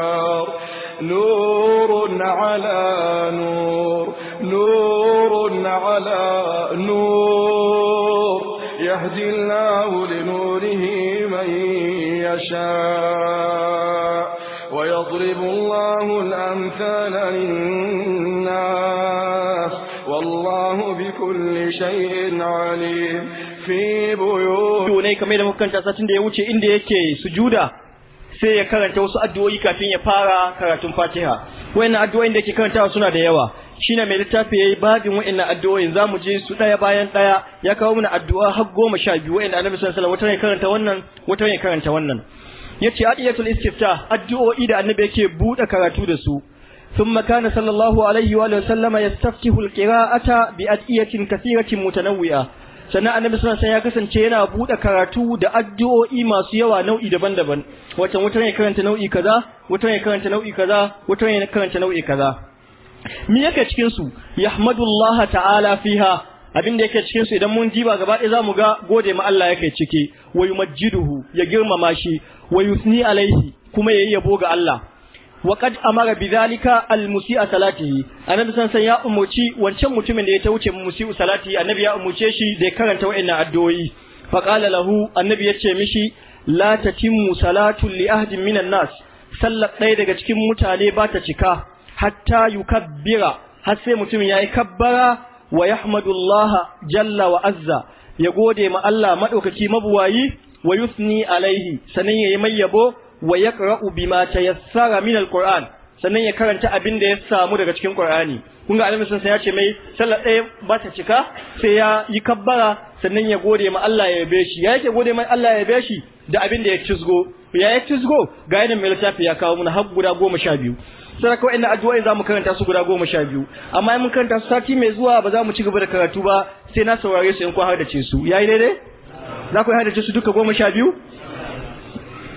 نور على نور نور على نور يهدي الله لنوره من يشاء ويضرب الله الأمثال للناس والله بكل شيء عليم في بيوت ne kamar da muka kanta satin da sai ya karanta wasu addu'o'i kafin ya fara karatun Fatiha wayannan addu'o'in da ke karantawa suna da yawa shine mai littafi ya yayi babin wayannan addu'o'in mu je su ɗaya bayan ɗaya. ya kawo mana addu'a har goma sha biyu wayanda Annabi sallallahu alaihi wasallam karanta wannan wata ne karanta wannan yace adiyatul addu'o'i da Annabi yake bude karatu da su ثم كان صلى الله عليه وآله وسلم يستفتح القراءة بأدئية كثيرة sannan annabi sallallahu alaihi ya kasance yana bude karatu da addu'o'i masu yawa nau'i daban-daban wata mutane ya karanta nau'i kaza wata ya karanta nau'i kaza wata ya karanta nau'i kaza mi yake cikin su yahmadullah ta'ala fiha abin da yake cikin su idan mun diba gaba ɗaya mu ga gode ma Allah yake ciki wa yumajjiduhu ya girmama shi wa yusni alaihi kuma yayi yabo ga Allah wa mara amara bidhalika almusi'a salati annabi san san ya umarci wancan mutumin da ya ta wuce musi'u salati annabi ya umuce shi da ya karanta wayannan addu'o'i fa qala lahu annabi ya ce mishi la tatimmu salatu li ahadin minan nas sallar ɗaya daga cikin mutane ba ta cika hatta yukabbira har sai ya yayi kabbara wa yahmadullaha jalla wa azza ya gode ma Allah madaukaki mabuwayi wa yusni alaihi sanan yayi mai yabo wa yaqra'u bima tayassara min alquran sannan ya karanta abin da ya samu daga cikin qur'ani kun ga annabi sai ya ce mai sallar ɗaya ba ta cika sai ya yi kabbara sannan ya gode ma Allah ya yabe shi ya yake gode ma Allah ya yabe shi da abin da ya cizgo ya ya cizgo ga yanin mai littafi ya kawo mana har guda goma sha biyu sai kawai ina addu'o'i za mu karanta su guda goma sha biyu amma in mun karanta su sati mai zuwa ba za mu ci gaba da karatu ba sai na saurare su in kun ce su yayi daidai za ku ce su duka goma sha biyu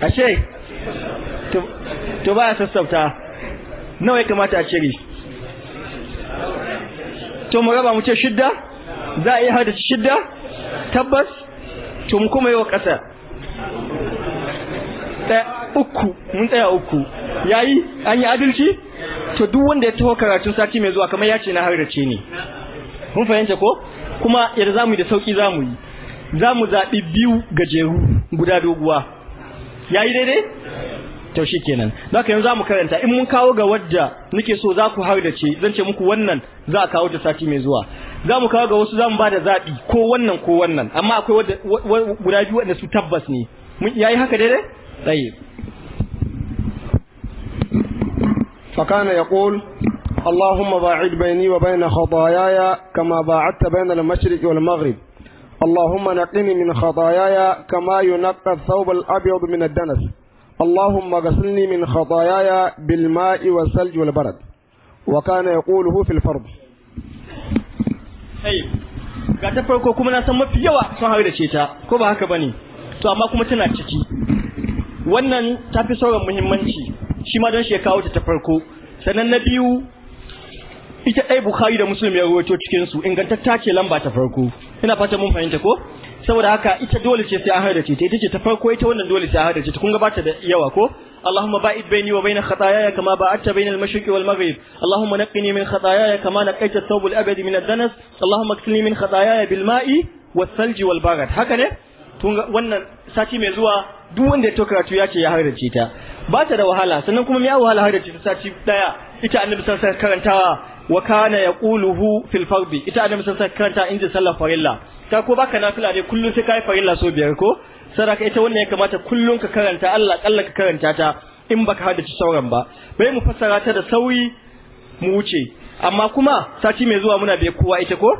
ashe to ba sassauta nawa ya kamata a cire to mu raba mu ce shidda za a iya da shidda tabbas to mu kuma yi wa ƙasa Ɗaya uku mun tsaya uku yayi an yi adalci to duk wanda ya taho karatun sati mai zuwa kamar ya ce na harrace ne Mun fahimta ko kuma yadda za mu yi da sauki mu yi Za mu zaɓi biyu gajeru guda doguwa yayi daidai to kenan zaka yanzu zamu karanta in mun kawo ga wadda nake so za ku ce zan ce muku wannan za a kawo ta sati mai zuwa zamu kawo ga wasu zamu bada zabi ko wannan ko wannan amma akwai wadda guda biyu wadda su tabbas ne mun yayi haka daidai tayyib فكان يقول اللهم باعد بيني وبين خطاياي كما باعدت بين المشرق والمغرب اللهم نقني من خطاياي كما ينقى الثوب الأبيض من الدنس اللهم اغسلني من خطاياي بالماء والثلج والبرد وكان يقوله في الفرض طيب ga ta farko kuma na san mafi yawa sun haɗu da ce ta ko ba haka bane to amma kuma tana ciki wannan ta fi sauran muhimmanci shi ma don shi ya kawo ta ta farko sannan na biyu ita ɗai bukhari da musulmi ya rawaito cikin su ingantatta ce lamba ta farko ina fata mun fahimta ko saboda haka ita dole ce sai an haddace ta ita ce ta farko ita wannan dole sai an haddace ta kun gabata da yawa ko اللهم باعد بيني وبين خطاياي كما باعدت بين المشرق والمغرب اللهم نقني من خطاياي كما نقيت الثوب min من الدنس bilma'i اغسلني salji wal barad haka ne. هكذا wannan sati mai zuwa duk wanda ya to karatu ya ce ya haddace ta ba ta da wahala sannan kuma me ya wahala haddace ta sati daya ita annabi sallallahu alaihi karantawa wa kana yaquluhu fil fardi ita annabi sallallahu alaihi karanta inda sallar farilla ka ko baka nafila ne kullun sai kai farilla so biyar ko sadaka ita wannan ya kamata kullun ka karanta Allah kalla ka karanta ta in baka haddace sauran ba bai mu fassara ta da sauyi mu wuce amma kuma sati mai zuwa muna bai kowa ita ko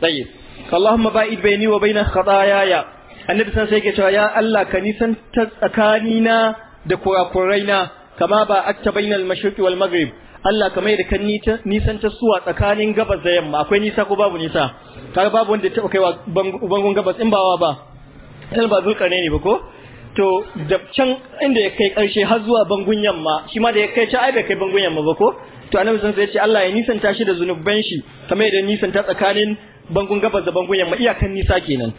tsaye Allahumma ba'id baini wa baina khataaya annabi san sai yake cewa ya Allah ka nisan ta tsakanina da kurakuraina kama ba akta bainal mashriqi wal maghrib Allah ka mai da kan nisan ta suwa tsakanin gabas da yamma akwai nisa ko babu nisa kaga babu wanda ya taba kaiwa bangon gabas in bawa ba sai ba zulkarne ne ba ko to da can inda ya kai karshe har zuwa bangun yamma shi ma da ya kai ta ai bai kai bangun yamma ba ko to annabi sun sai ya ce Allah ya ta shi da zunuban shi kamar da ta tsakanin bangun gabas da bangun yamma iyakan nisa kenan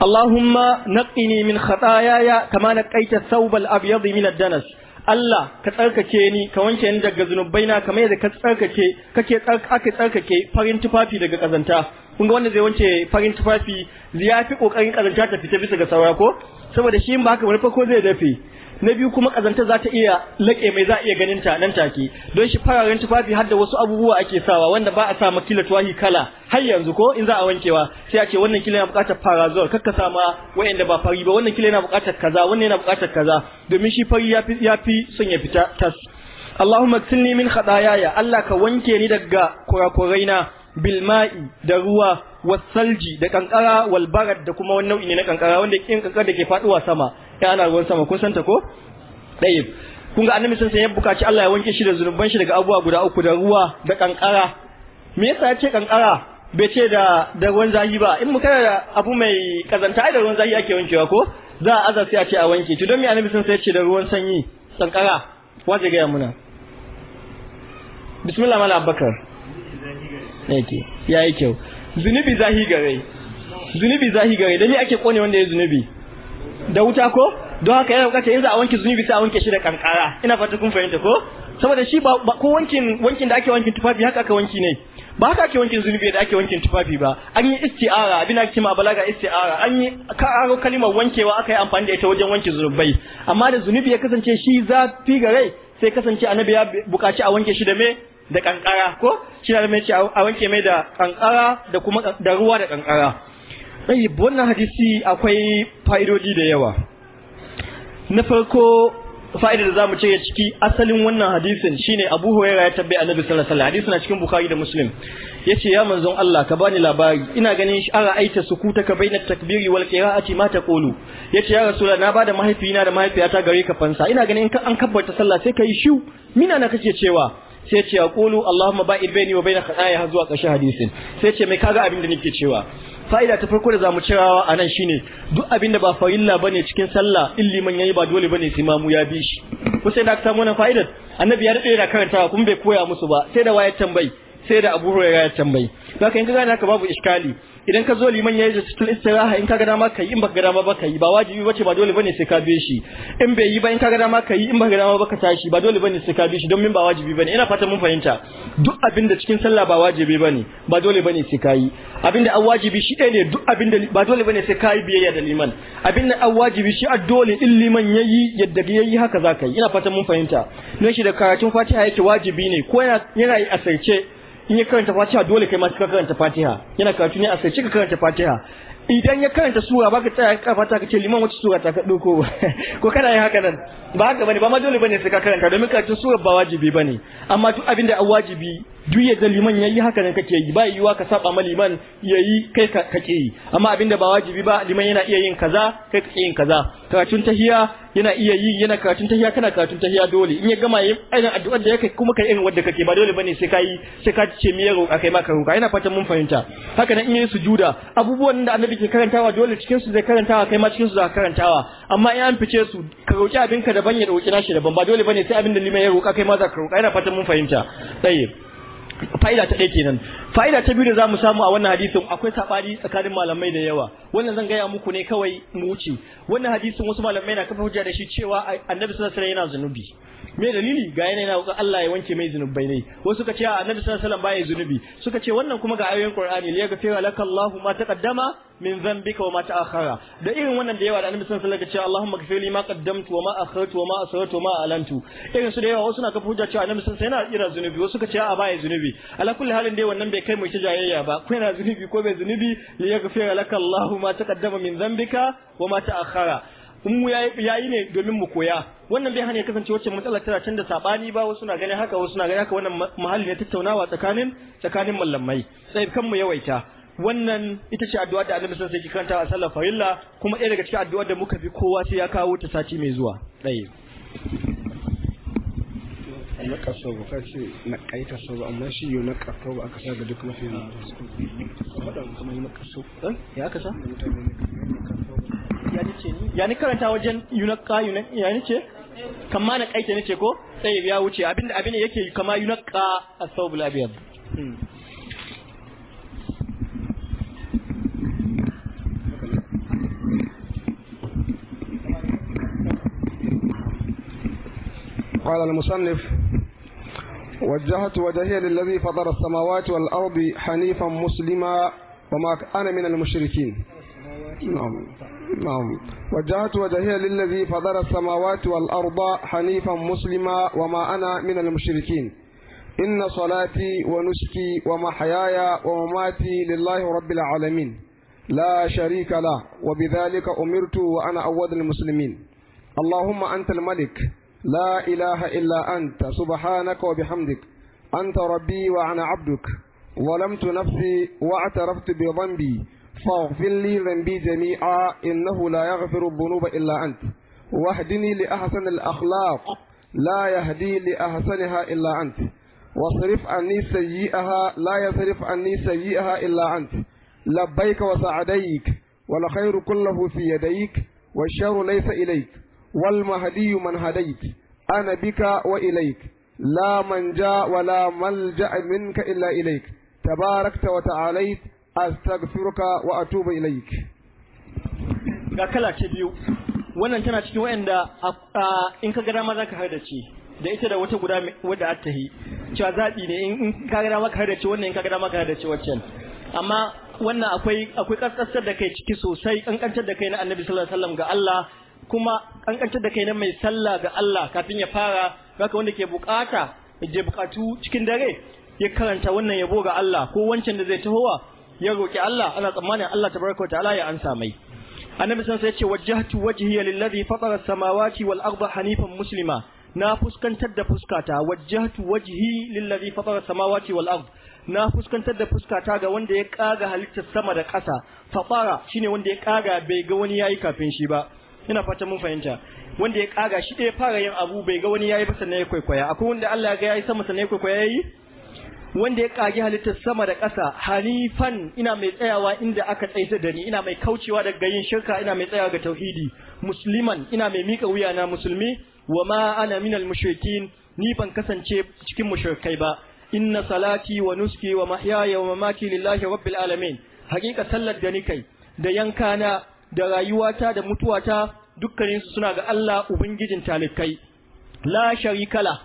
Allahumma naqini min khataayaya kama naqaita thawbal abyad min ad-danas Allah ka tsarkake ni ka wanke ni daga zunubaina kamar yadda ka tsarkake kake aka tsarkake farin tufafi daga kazanta kun ga wanda zai wanke farin tufafi ya fi kokarin kazanta ta fita bisa ga saura ko saboda shi in ba haka wani farko zai dafe na biyu kuma kazanta za ta iya laƙe mai za a iya ganin ta nan take don shi fararen tufafi har da wasu abubuwa ake sawa wanda ba a sa ma kila tuwahi kala har yanzu ko in za a wankewa sai a ce wannan kila yana buƙatar farazol kakka sa ma wayanda ba fari ba wannan kila yana buƙatar kaza wannan yana buƙatar kaza domin shi fari ya fi son ya fita tas Allahumma ksilni min yaya Allah ka wanke ni daga kurakuraina bilma'i da ruwa wasalji da kankara wal barad da kuma wani nau'i ne na kankara wanda kin kankara da ke faduwa sama ya ana ruwan sama kun santa ko dayib kun ga annabi sun sai ya bukaci Allah ya wanke shi da zunuban shi daga abubuwa guda uku da ruwa da kankara me yasa ya ce kankara bai ce da da ruwan zahi ba in muka da abu mai kazanta da ruwan zahi ake wankewa ko za a aza sai a ce a wanke to don me annabi sun sai ya ce da ruwan sanyi kankara waje ga muna bismillah mala abubakar yake yi kyau zunubi zahi gare zunubi zahi gare da ni ake kone wanda ya zunubi da wuta ko don haka yana bukatar yanzu a wanke zunubi sai a wanke shi da kankara ina fata kun fahimta ko saboda shi ba ko wankin wankin da ake wankin tufafi haka aka wanki ne ba haka ake wankin zunubi da ake wankin tufafi ba an yi isti'ara abin da kima balaga isti'ara an yi karo kalimar wankewa aka yi amfani da ita wajen wanke zunubai amma da zunubi ya kasance shi zafi fi gare sai kasance annabi ya bukaci a wanke shi da me da kankara ko shi da mai ce a wanke mai da kankara da kuma da ruwa da kankara sai wannan hadisi akwai fa'idodi da yawa na farko fa'idar da zamu cire ciki asalin wannan hadisin shine Abu Hurairah ya tabbai Annabi sallallahu alaihi wasallam hadisin na cikin Bukhari da Muslim yace ya manzon Allah ka bani labari ina ganin shi ara aita sukuta ka bainat takbiri wal qira'ati ma taqulu yace ya rasulullah na bada mahaifina da mahaifiyata gare ka fansa ina ganin in an kabbarta sallah sai kai shiu mina na kake cewa sai ce kulu allahumma ba'id baini wa baina khataaya har zuwa ƙarshen hadisin sai ce mai kaga abin da nake cewa fa'ida ta farko da zamu nan anan shine duk abin da ba farilla ne cikin sallah ya yi ba dole bane sai mamu ya bi shi kusa sai da ka samu wannan fa'idar annabi ya daɗe yana karantawa kuma bai koya musu ba sai da wayar tambayi sai da Abu Hurairah ya tambayi zaka in haka babu iskali idan ka zo liman ya yi da cikin istiraha in ka gada dama kai in baka ga dama baka yi ba wajibi bace ba dole bane sai ka bi shi in bai yi ba in ka gada dama kai in baka gada dama baka tashi ba dole bane sai ka bi shi don min ba wajibi bane ina fata mun fahimta duk abin da cikin sallah ba wajibi bane ba dole bane sai ka yi abin da an wajibi shi ɗaya ne duk abin da ba dole bane sai ka yi biyayya da liman abin da an wajibi shi a dole in liman ya yi yadda ya yi haka zaka yi ina fata mun fahimta don shi da karatun fatiha yake wajibi ne ko yana yana yi asirce in ya karanta fatiha dole kai ma ka karanta fatiha yana karatu ne a sai ka karanta fatiha idan ya karanta sura baka tsaya ka fata ka ce liman wacce sura ta ka dauko ko kana yin haka nan ba haka bane ba ma dole bane sai ka karanta domin karatu sura ba wajibi bane amma duk abin da wajibi duk yadda liman yayi haka nan kake yi ba yiwa ka saba ma liman yayi kai ka kake yi amma abinda ba wajibi ba liman yana iya yin kaza kai ka yin kaza karatun tahiya yana iya yi yana karatun tahiya kana karatun tahiya dole in ya gama yin irin addu'ar da yake kuma kai irin wanda kake ba dole bane sai kai sai ka ce me yaro akai maka ruka yana fatan mun fahimta haka nan in yi sujuda abubuwan da annabi ke karantawa dole cikin su zai karantawa kai ma cikin su za ka karantawa amma in an fice su ka roki abinka daban ya roki nashi daban ba dole bane sai abinda liman ya roka kai ma za ka roka yana fatan mun fahimta tayyib fa'ida ta ɗaya kenan fa'ida ta biyu da zamu samu a wannan hadisin akwai sabani tsakanin malamai da yawa wannan zan gaya muku ne kawai mu wuce wannan hadisin wasu malamai na kafa hujja da shi cewa annabi sallallahu alaihi wasallam yana zunubi me dalili ga yana yana Allah ya wanke mai zunubai ne wasu suka ce annabi sallallahu alaihi wasallam baya zunubi suka ce wannan kuma ga ayoyin Qur'ani liya gafira lakallahu ma taqaddama min dhanbika wa ma ta'akhara da irin wannan da yawa da annabi sallallahu alaihi wasallam ya ce Allahumma ghfirli ma qaddamtu wa ma akhartu wa ma asrartu wa ma alantu irin su da yawa wasu na kafa hujja cewa annabi sallallahu alaihi wasallam yana ira zunubi wasu suka ce a baya zunubi ala kulli halin dai wannan bai bai kai mu jayayya ba ko yana zunubi ko bai zunubi li yaghfira laka Allahu ma taqaddama min dhanbika wa ma ta'akhara in mu yayi ne domin mu koya wannan bai hana kasance wacce matsalar tana can da sabani ba wasu na ganin haka wasu na ganin haka wannan mahalli ne tattaunawa tsakanin tsakanin mallamai sai kan mu yawaita wannan ita ce addu'a da Annabi sallallahu alaihi wasallam ya karanta a sallar farilla kuma ɗaya daga cikin addu'ar da muka bi kowa sai ya kawo ta sati mai zuwa ɗaya nakasa ba ka ce na kaitasa ba amma shi yau nakasa ba aka sa ga duk mafi yana ya aka sa ya ni karanta wajen yunaka ya ni ce kama na kaita ni ce ko sai ya wuce abinda abin yake kama yunaka asawul labiyar قال المصنف وجهت وجهي للذي فطر السماوات والأرض حنيفا مسلما وما أنا من المشركين نعم نعم وجهت وجهي للذي فطر السماوات والأرض حنيفا مسلما وما أنا من المشركين إن صلاتي ونسكي ومحياي ومماتي لله رب العالمين لا شريك له وبذلك أمرت وأنا أول المسلمين اللهم أنت الملك لا إله إلا أنت سبحانك وبحمدك أنت ربي وأنا عبدك ظلمت نفسي واعترفت بذنبي فاغفر لي ذنبي جميعا إنه لا يغفر الذنوب إلا أنت واهدني لأحسن الأخلاق لا يهدي لأحسنها إلا أنت واصرف عني سيئها لا يصرف عني سيئها إلا أنت لبيك وسعديك والخير كله في يديك والشر ليس إليك والمهدي من هديت أنا بك وإليك لا من جاء ولا ملجأ منك إلا إليك تباركت وتعاليت أستغفرك وأتوب إليك ga kala ta biyu wannan tana cikin wayanda in ka gara ma zaka hardace da ita da wata guda wadda ta yi cewa zaɓi ne in ka gara maka hardace wannan in ka gara maka hardace waccan amma wannan akwai akwai kaskasar da kai ciki sosai ƙanƙantar da kai na annabi sallallahu alaihi wasallam ga Allah kuma kankantar da kai na mai sallah ga Allah kafin ya fara haka wanda ke bukata je bukatu cikin dare ya karanta wannan yabo ga Allah ko wancan da zai tahowa ya roki Allah ana tsammanin Allah tabaraka ta'ala ya ansa mai annabi sun sai ya ce wajjahtu wajhiya lillazi fatara samawati wal arda hanifan muslima na fuskantar da fuskata wajjahtu wajhi lillazi fatara samawati wal ard na fuskantar da fuskata ga wanda ya kaga halittar sama da ƙasa fatara shine wanda ya kaga bai ga wani yayi kafin shi ba ina fata mun fahimta wanda ya kaga shi da ɗaya fara yin abu bai ga wani yayi ba sannan ya kwaikwaya akwai wanda Allah ya ga yayi sama sannan ya kwaikwaya yayi wanda ya kage halittar sama da ƙasa hanifan ina mai tsayawa inda aka tsaita da ni ina mai kaucewa daga yin shirka ina mai tsayawa ga tauhidi musliman ina mai mika wuya na musulmi wa ma ana minal mushrikin ni ban kasance cikin mushrikai ba inna salati wa nuski wa mahyaya wa mamati lillahi rabbil alamin hakika sallar da ni kai da yankana da rayuwata da mutuwata dukkaninsu suna ga Allah ubangijin talikai la sharikala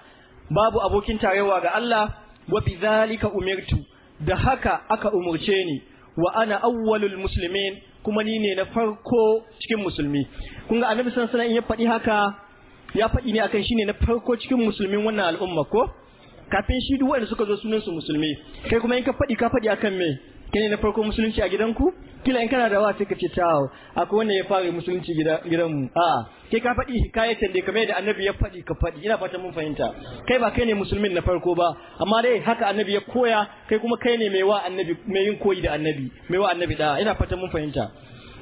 babu abokin tarewa ga Allah wa bizalika umirtu da haka aka umarce ni wa ana awwalul muslimin kuma ni ne na farko cikin musulmi kun ga annabi sallallahu alaihi wasallam ya faɗi haka ya faɗi ne akan shine na farko cikin musulmin wannan al'umma ko kafin shi duk wanda suka zo sunan su musulmi kai kuma in ka faɗi ka faɗi akan me kene na farko musulunci a gidanku kila in kana da wa sai ka ce tawo akwai wanda ya fara musulunci gidanmu a kai ka faɗi hikayatan da kamar da annabi ya faɗi ka faɗi ina fatan mun fahimta kai ba kai ne musulmin na farko ba amma dai haka annabi ya koya kai kuma kai ne mai wa annabi mai yin koyi da annabi mai wa annabi da ina fatan mun fahimta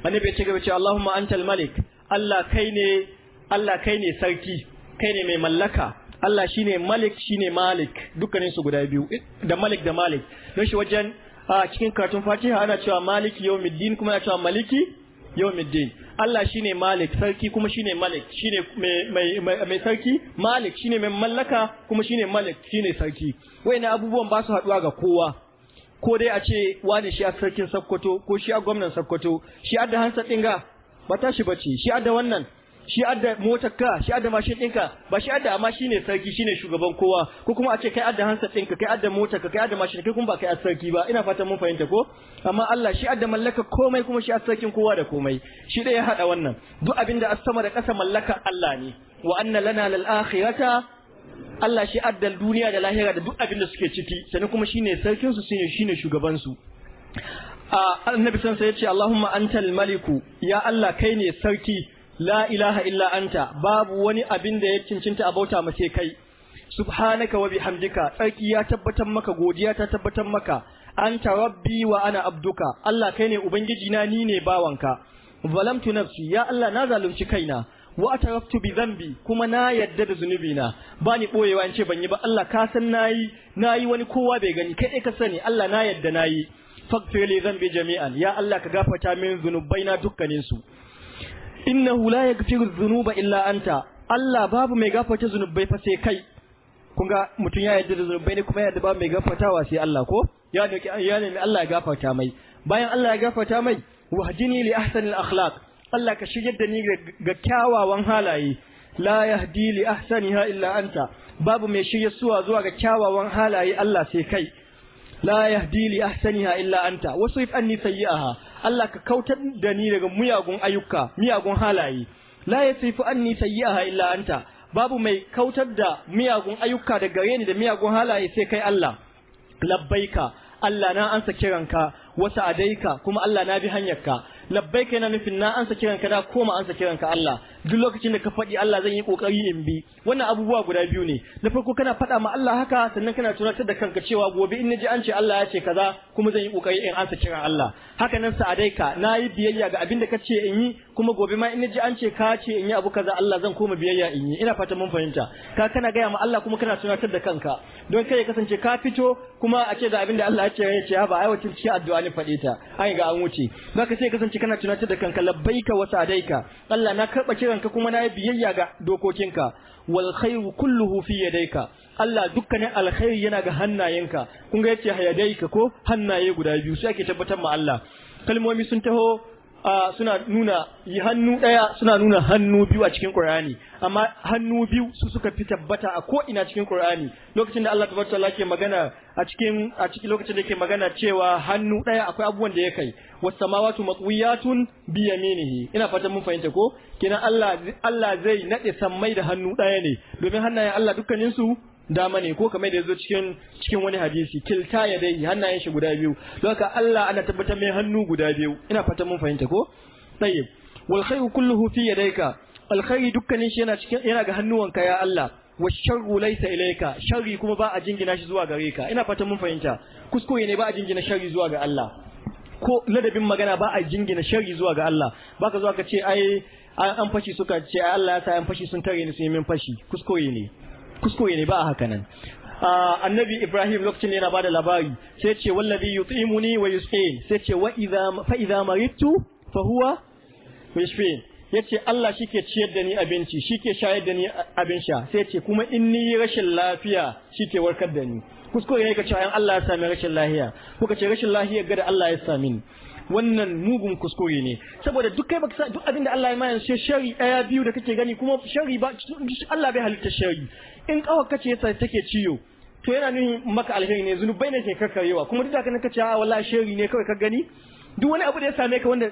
annabi ya ce gaba ce Allahumma antal malik Allah kai ne Allah kai ne sarki kai ne mai mallaka Allah shine malik shine malik dukkanin su guda biyu da malik da malik don shi wajen a cikin karatun fatiha ana cewa maliki yau middin kuma ana cewa maliki yau middin Allah shi ne malik sarki kuma shi ne malik shi ne mai sarki malik shi ne mai mallaka kuma shi ne malik shi ne sarki Wai na abubuwan ba su haɗuwa ga kowa ko dai a ce wani shi a sarkin Sokoto ko shi a gwamnan Sokoto shi a da hansa dinga ba tashi bace shi a da wannan shi adda motar ka shi adda mashin ɗinka ba shi adda amma shine sarki shine shugaban kowa ko kuma a ce kai adda hansa ɗinka kai adda motar ka kai adda mashin kai kuma ba kai sarki ba ina fatan mun fahimta ko amma Allah shi adda mallaka komai kuma shi sarkin kowa da komai shi da ya hada wannan duk abin da sama da ƙasa mallaka Allah ne wa anna lana lal akhirata Allah shi adda duniya da lahira da duk abin da suke ciki sannan kuma shine sarkin su shine shine shugaban su annabi ya ce Allahumma antal maliku ya Allah kai ne sarki la ilaha illa anta babu wani abin da ya cincinta a bauta mace kai subhanaka wa bihamdika tsarki ya tabbatar maka godiya ta tabbatar maka anta rabbi wa ana abduka Allah kai ne ubangiji na ni ne bawanka zalamtu nafsi ya Allah na zalunci kaina wa zan bi dhanbi kuma na yadda da zunubi na bani boyewa in ce ban yi ba Allah ka san nayi nayi wani kowa bai gani kai ka sani Allah na yadda nayi yi li dhanbi jami'an ya Allah ka gafata min zunubai na dukkaninsu. innahu la yaghfiru dhunuba illa anta Allah babu mai gafarta zunubai fa sai kai kun ga mutum ya yarda da zunubai ne kuma ya yarda babu mai gafartawa sai Allah ko ya doki ya nemi Allah ya gafarta mai bayan Allah ya gafarta mai wahdini li al akhlaq Allah ka shigar da ni ga kyawawan halaye la yahdi li ahsaniha illa anta babu mai shirya suwa zuwa ga kyawawan halaye Allah sai kai la yahdi li ahsaniha illa anta wasrif anni sayyi'aha Allah ka kautar da ni daga miyagun ayyuka miyagun halaye la yasifu anni a illa anta babu mai kautar da miyagun ayyuka da gare ni da miyagun halaye sai kai Allah labbaika Allah na ansa kiranka wasa adaika kuma Allah na bi hanyarka labbaika yana nufin na ansa kiranka da koma ansa kiranka Allah duk lokacin da ka faɗi Allah zan yi ƙoƙari in bi wannan abubuwa guda biyu ne na farko kana faɗa ma Allah haka sannan kana tunatar da kanka cewa gobe in naji an ce Allah ya ce kaza kuma zan yi ƙoƙari in ansa kira Allah haka nan sa'adaika na yi biyayya ga abin da ka ce in yi kuma gobe ma in naji an ce ka ce in yi abu kaza Allah zan koma biyayya in yi ina fata mun fahimta ka kana gaya ma Allah kuma kana tunatar da kanka don kai ya kasance ka fito kuma a ce da abin da Allah ya ce ya ce ba ai wacce cikin addu'a ne faɗe ta ai ga an wuce zaka sai kasance kana tunatar da kanka labbaika wa sa'adaika Allah na karba kiran ka kuma na yi biyayya ga dokokinka wal khairu kulluhu fi yadayka Allah dukkanin alkhairi yana ga hannayenka kun ga yace hayadayka ko hannaye guda biyu sai ake tabbatar ma Allah kalmomi sun taho suna nuna hannu ɗaya suna nuna hannu biyu a cikin Qur'ani amma hannu biyu su suka fi tabbata a ko ina cikin Qur'ani lokacin da Allah tabaraka ke magana a cikin a cikin lokacin da yake magana cewa hannu ɗaya akwai abubuwan da ya kai was samawati matwiyatun bi yaminihi ina fatan mun fahimta ko kenan Allah Allah zai nade sammai da hannu ɗaya ne domin hannayen Allah dukkaninsu. dama ne ko kamar da yazo cikin cikin wani hadisi kilta ya dai hannayen shi guda biyu don Allah ana tabbatar mai hannu guda biyu ina fatan mun fahimta ko tayyib wal khayru kulluhu fi yadayka al khayru dukkanin shi yana cikin yana ga hannuwanka ya Allah wa sharru laysa ilayka sharri kuma ba a jingina shi zuwa gare ka ina fatan mun fahimta kuskure ne ba a jingina sharri zuwa ga Allah ko ladabin magana ba a jingina sharri zuwa ga Allah baka zuwa ka ce ai an fashi suka ce ai Allah ya sa an fashi sun tare ni sun yi min fashi kuskure ne kuskure ne ba a haka nan annabi Ibrahim lokacin yana bada labari sai ce wallazi tsimuni wa yusqin sai ce fa idza maritu fa huwa yashfin yace Allah ke ciyar da ni abinci ke shayar da ni abin sha sai ce kuma in ni rashin lafiya shike warkar da ni kuskure ne ka ce ayan Allah ya sami rashin lafiya kuka ce rashin lafiya ga da Allah ya sami ni wannan mugun kuskure ne saboda duk kai baka duk abinda Allah ya mayan sai shari daya biyu da kake gani kuma shari ba Allah bai halitta shari in kawar kace yasa take ciyo to yana nuni maka alheri ne zunubai ne ke karkarewa kuma duk da kana kace a wallahi shari ne kawai ka gani duk wani abu da ya same ka wanda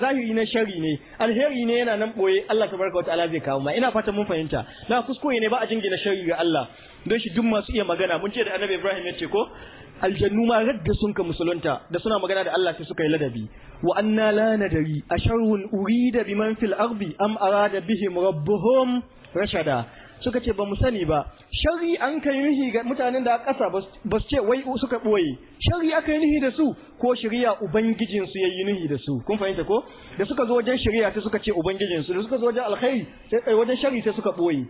zahiri na shari ne alheri ne yana nan boye Allah tabaraka wataala zai kawo ma ina fatan mun fahimta na kuskure ne ba a jingina shari ga Allah don shi duk masu iya magana mun ce da Annabi Ibrahim ya ce ko aljannu ma radda sun ka musulunta da suna magana da Allah sai suka yi ladabi wa anna la nadari asharun urida biman fil ardi am arada bihim rabbuhum rashada suka ce ba mu sani ba shari an kai nihi ga mutanen da ƙasa ba su ce wai suka ɓoye shari aka yi nihi da su ko shari'a ubangijin su yayi nihi da su kun fahimta ko da suka zo wajen shari'a sai suka ce ubangijin su da suka zo wajen alkhairi sai eh, wajen shari sai suka ɓoye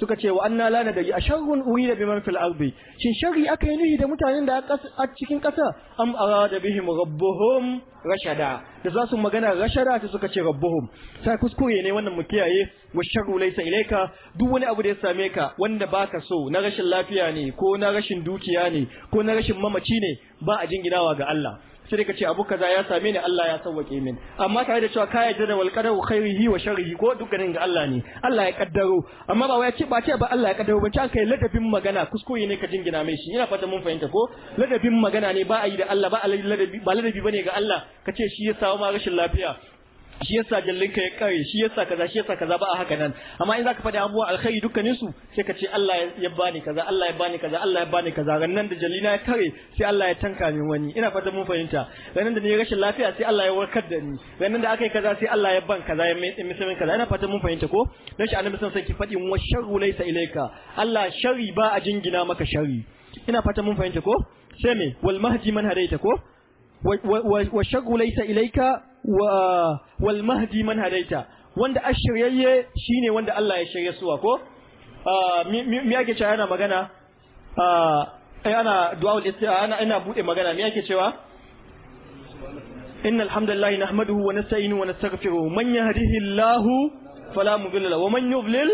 suka ce wa anna la nadari uri urida biman fil ardi shin sharri aka yi nihi da mutanen da a cikin kasa am arada bihim rabbuhum rashada da za su magana rashada su suka ce rabbuhum sai kuskure ne wannan mu kiyaye wa sharru laysa ilayka duk wani abu da ya same ka wanda baka so na rashin lafiya ne ko na rashin dukiya ne ko na rashin mamaci ne ba a jinginawa ga Allah sai ka ce abu kaza ya same ni Allah ya sauwake min amma tare da cewa ka yarda da wal qadaru khairihi wa sharrihi ko dukkanin ga Allah ne Allah ya kaddaro amma ba wai ce ba ce ba Allah ya kaddaro ba ce kai ladabin magana kuskure ne ka jingina mai shi ina fata mun fahimta ko ladabin magana ne ba a yi da Allah ba ladabi ba ladabi bane ga Allah ka ce shi ya samu ma rashin lafiya shi yasa jallinka ya kare shi yasa kaza shi yasa kaza ba a haka nan amma in zaka faɗi abubuwan alkhairi dukkanin su sai ka ce Allah ya bani kaza Allah ya bani kaza Allah ya bani kaza rannan da jallina ya kare sai Allah ya tanka min wani ina fatan mun fahimta rannan da ni rashin lafiya sai Allah ya warkar da ni rannan da aka yi kaza sai Allah ya ban kaza ya misa min kaza ina fatan mun fahimta ko dan shi annabi sun sai ki faɗi wa sharru laysa ilayka Allah sharri ba a jingina maka sharri ina fatan mun fahimta ko sai me wal mahji man hadaita ko wa sharru laysa ilayka wal mahdi man hadaita wanda ashiryayye shine wanda Allah ya shirye suwa ko ah, me yake cewa yana magana ah, eh, ana du'aul ana ina bude magana me yake cewa innal hamdalillah nahmaduhu wa nasta'inu wa nastaghfiruhu man yahdihillahu fala mudilla lahu wa man yudlil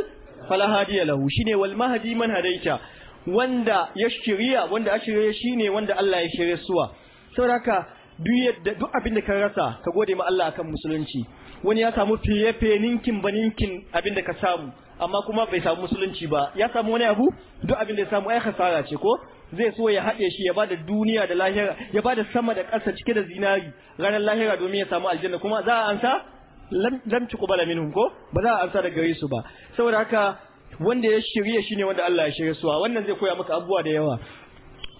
fala hadiya lahu shine wal mahdi man hadaita wanda ya shirya wanda a shirye shine wanda Allah ya shirye suwa saboda haka duk yadda duk abin da ka rasa ka gode ma Allah akan musulunci wani ya samu fiye fiye ninkin ba ninkin abin da ka samu amma kuma bai samu musulunci ba ya samu wani abu duk abin da ya samu ai hasara ce ko zai so ya haɗe shi ya ba da duniya da lahira ya ba da sama da ƙasa cike da zinari ranar lahira domin ya samu aljanna kuma za a ansa lam tuqbala minhum ko ba za a ansa da gare su ba saboda haka wanda ya shirye shine wanda Allah ya shirye su wannan zai koya maka abubuwa da yawa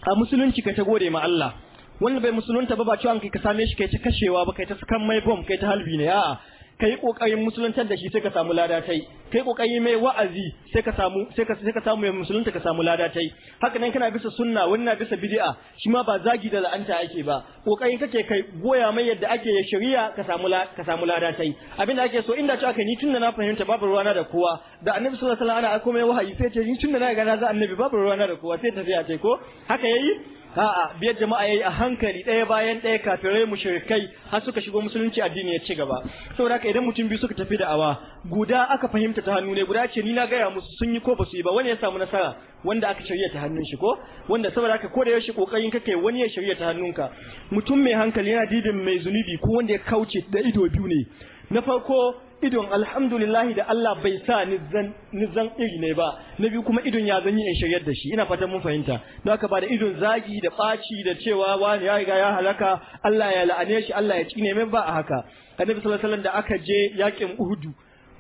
a musulunci ka ta gode ma Allah wanda bai musulunta ba ba cewa kai ka same shi kai ta kashewa ba kai ta sukan mai bom kai ta halbi ne a'a kai kokarin musuluntar da shi sai ka samu lada tai kai kokarin mai wa'azi sai ka samu sai ka sai ka samu mai musulunta ka samu lada tai haka nan kana bisa sunna wani na bisa bid'a shi ma ba zagi da la'anta ake ba kokarin kake kai goya mai yadda ake ya shari'a ka samu ka samu lada tai abinda ake so inda cewa kai ni tunda na fahimta babu ruwana da kowa da annabi sallallahu alaihi wasallam ana komai wahayi sai ce ni tunda na ga na za annabi babu ruwana da kowa sai tafiya tai ko haka yayi a'a biyar jama'a ya yi a hankali ɗaya bayan ɗaya kafirai mushrikai har suka shigo musulunci addini ya ci gaba saboda haka idan mutum biyu suka tafi da awa guda aka fahimta ta hannu ne guda ce ni na gaya musu sun yi ko ba su yi ba wani ya samu nasara wanda aka shirya ta hannun shi ko wanda saboda haka ko da yaushe kokarin kake wani ya shirya ta hannunka mutum mai hankali yana didin mai zunubi ko wanda ya kauce da ido biyu ne na farko idon alhamdulillahi da Allah bai sa ni zan iri ne ba na biyu kuma idon ya zanyi in shiryar da shi ina fatan mun fahimta don haka ba da idon zagi da ɓaci da cewa wani ya riga ya halaka Allah ya la'ane shi Allah ya cine min ba a haka annabi sallallahu alaihi da aka je yakin uhudu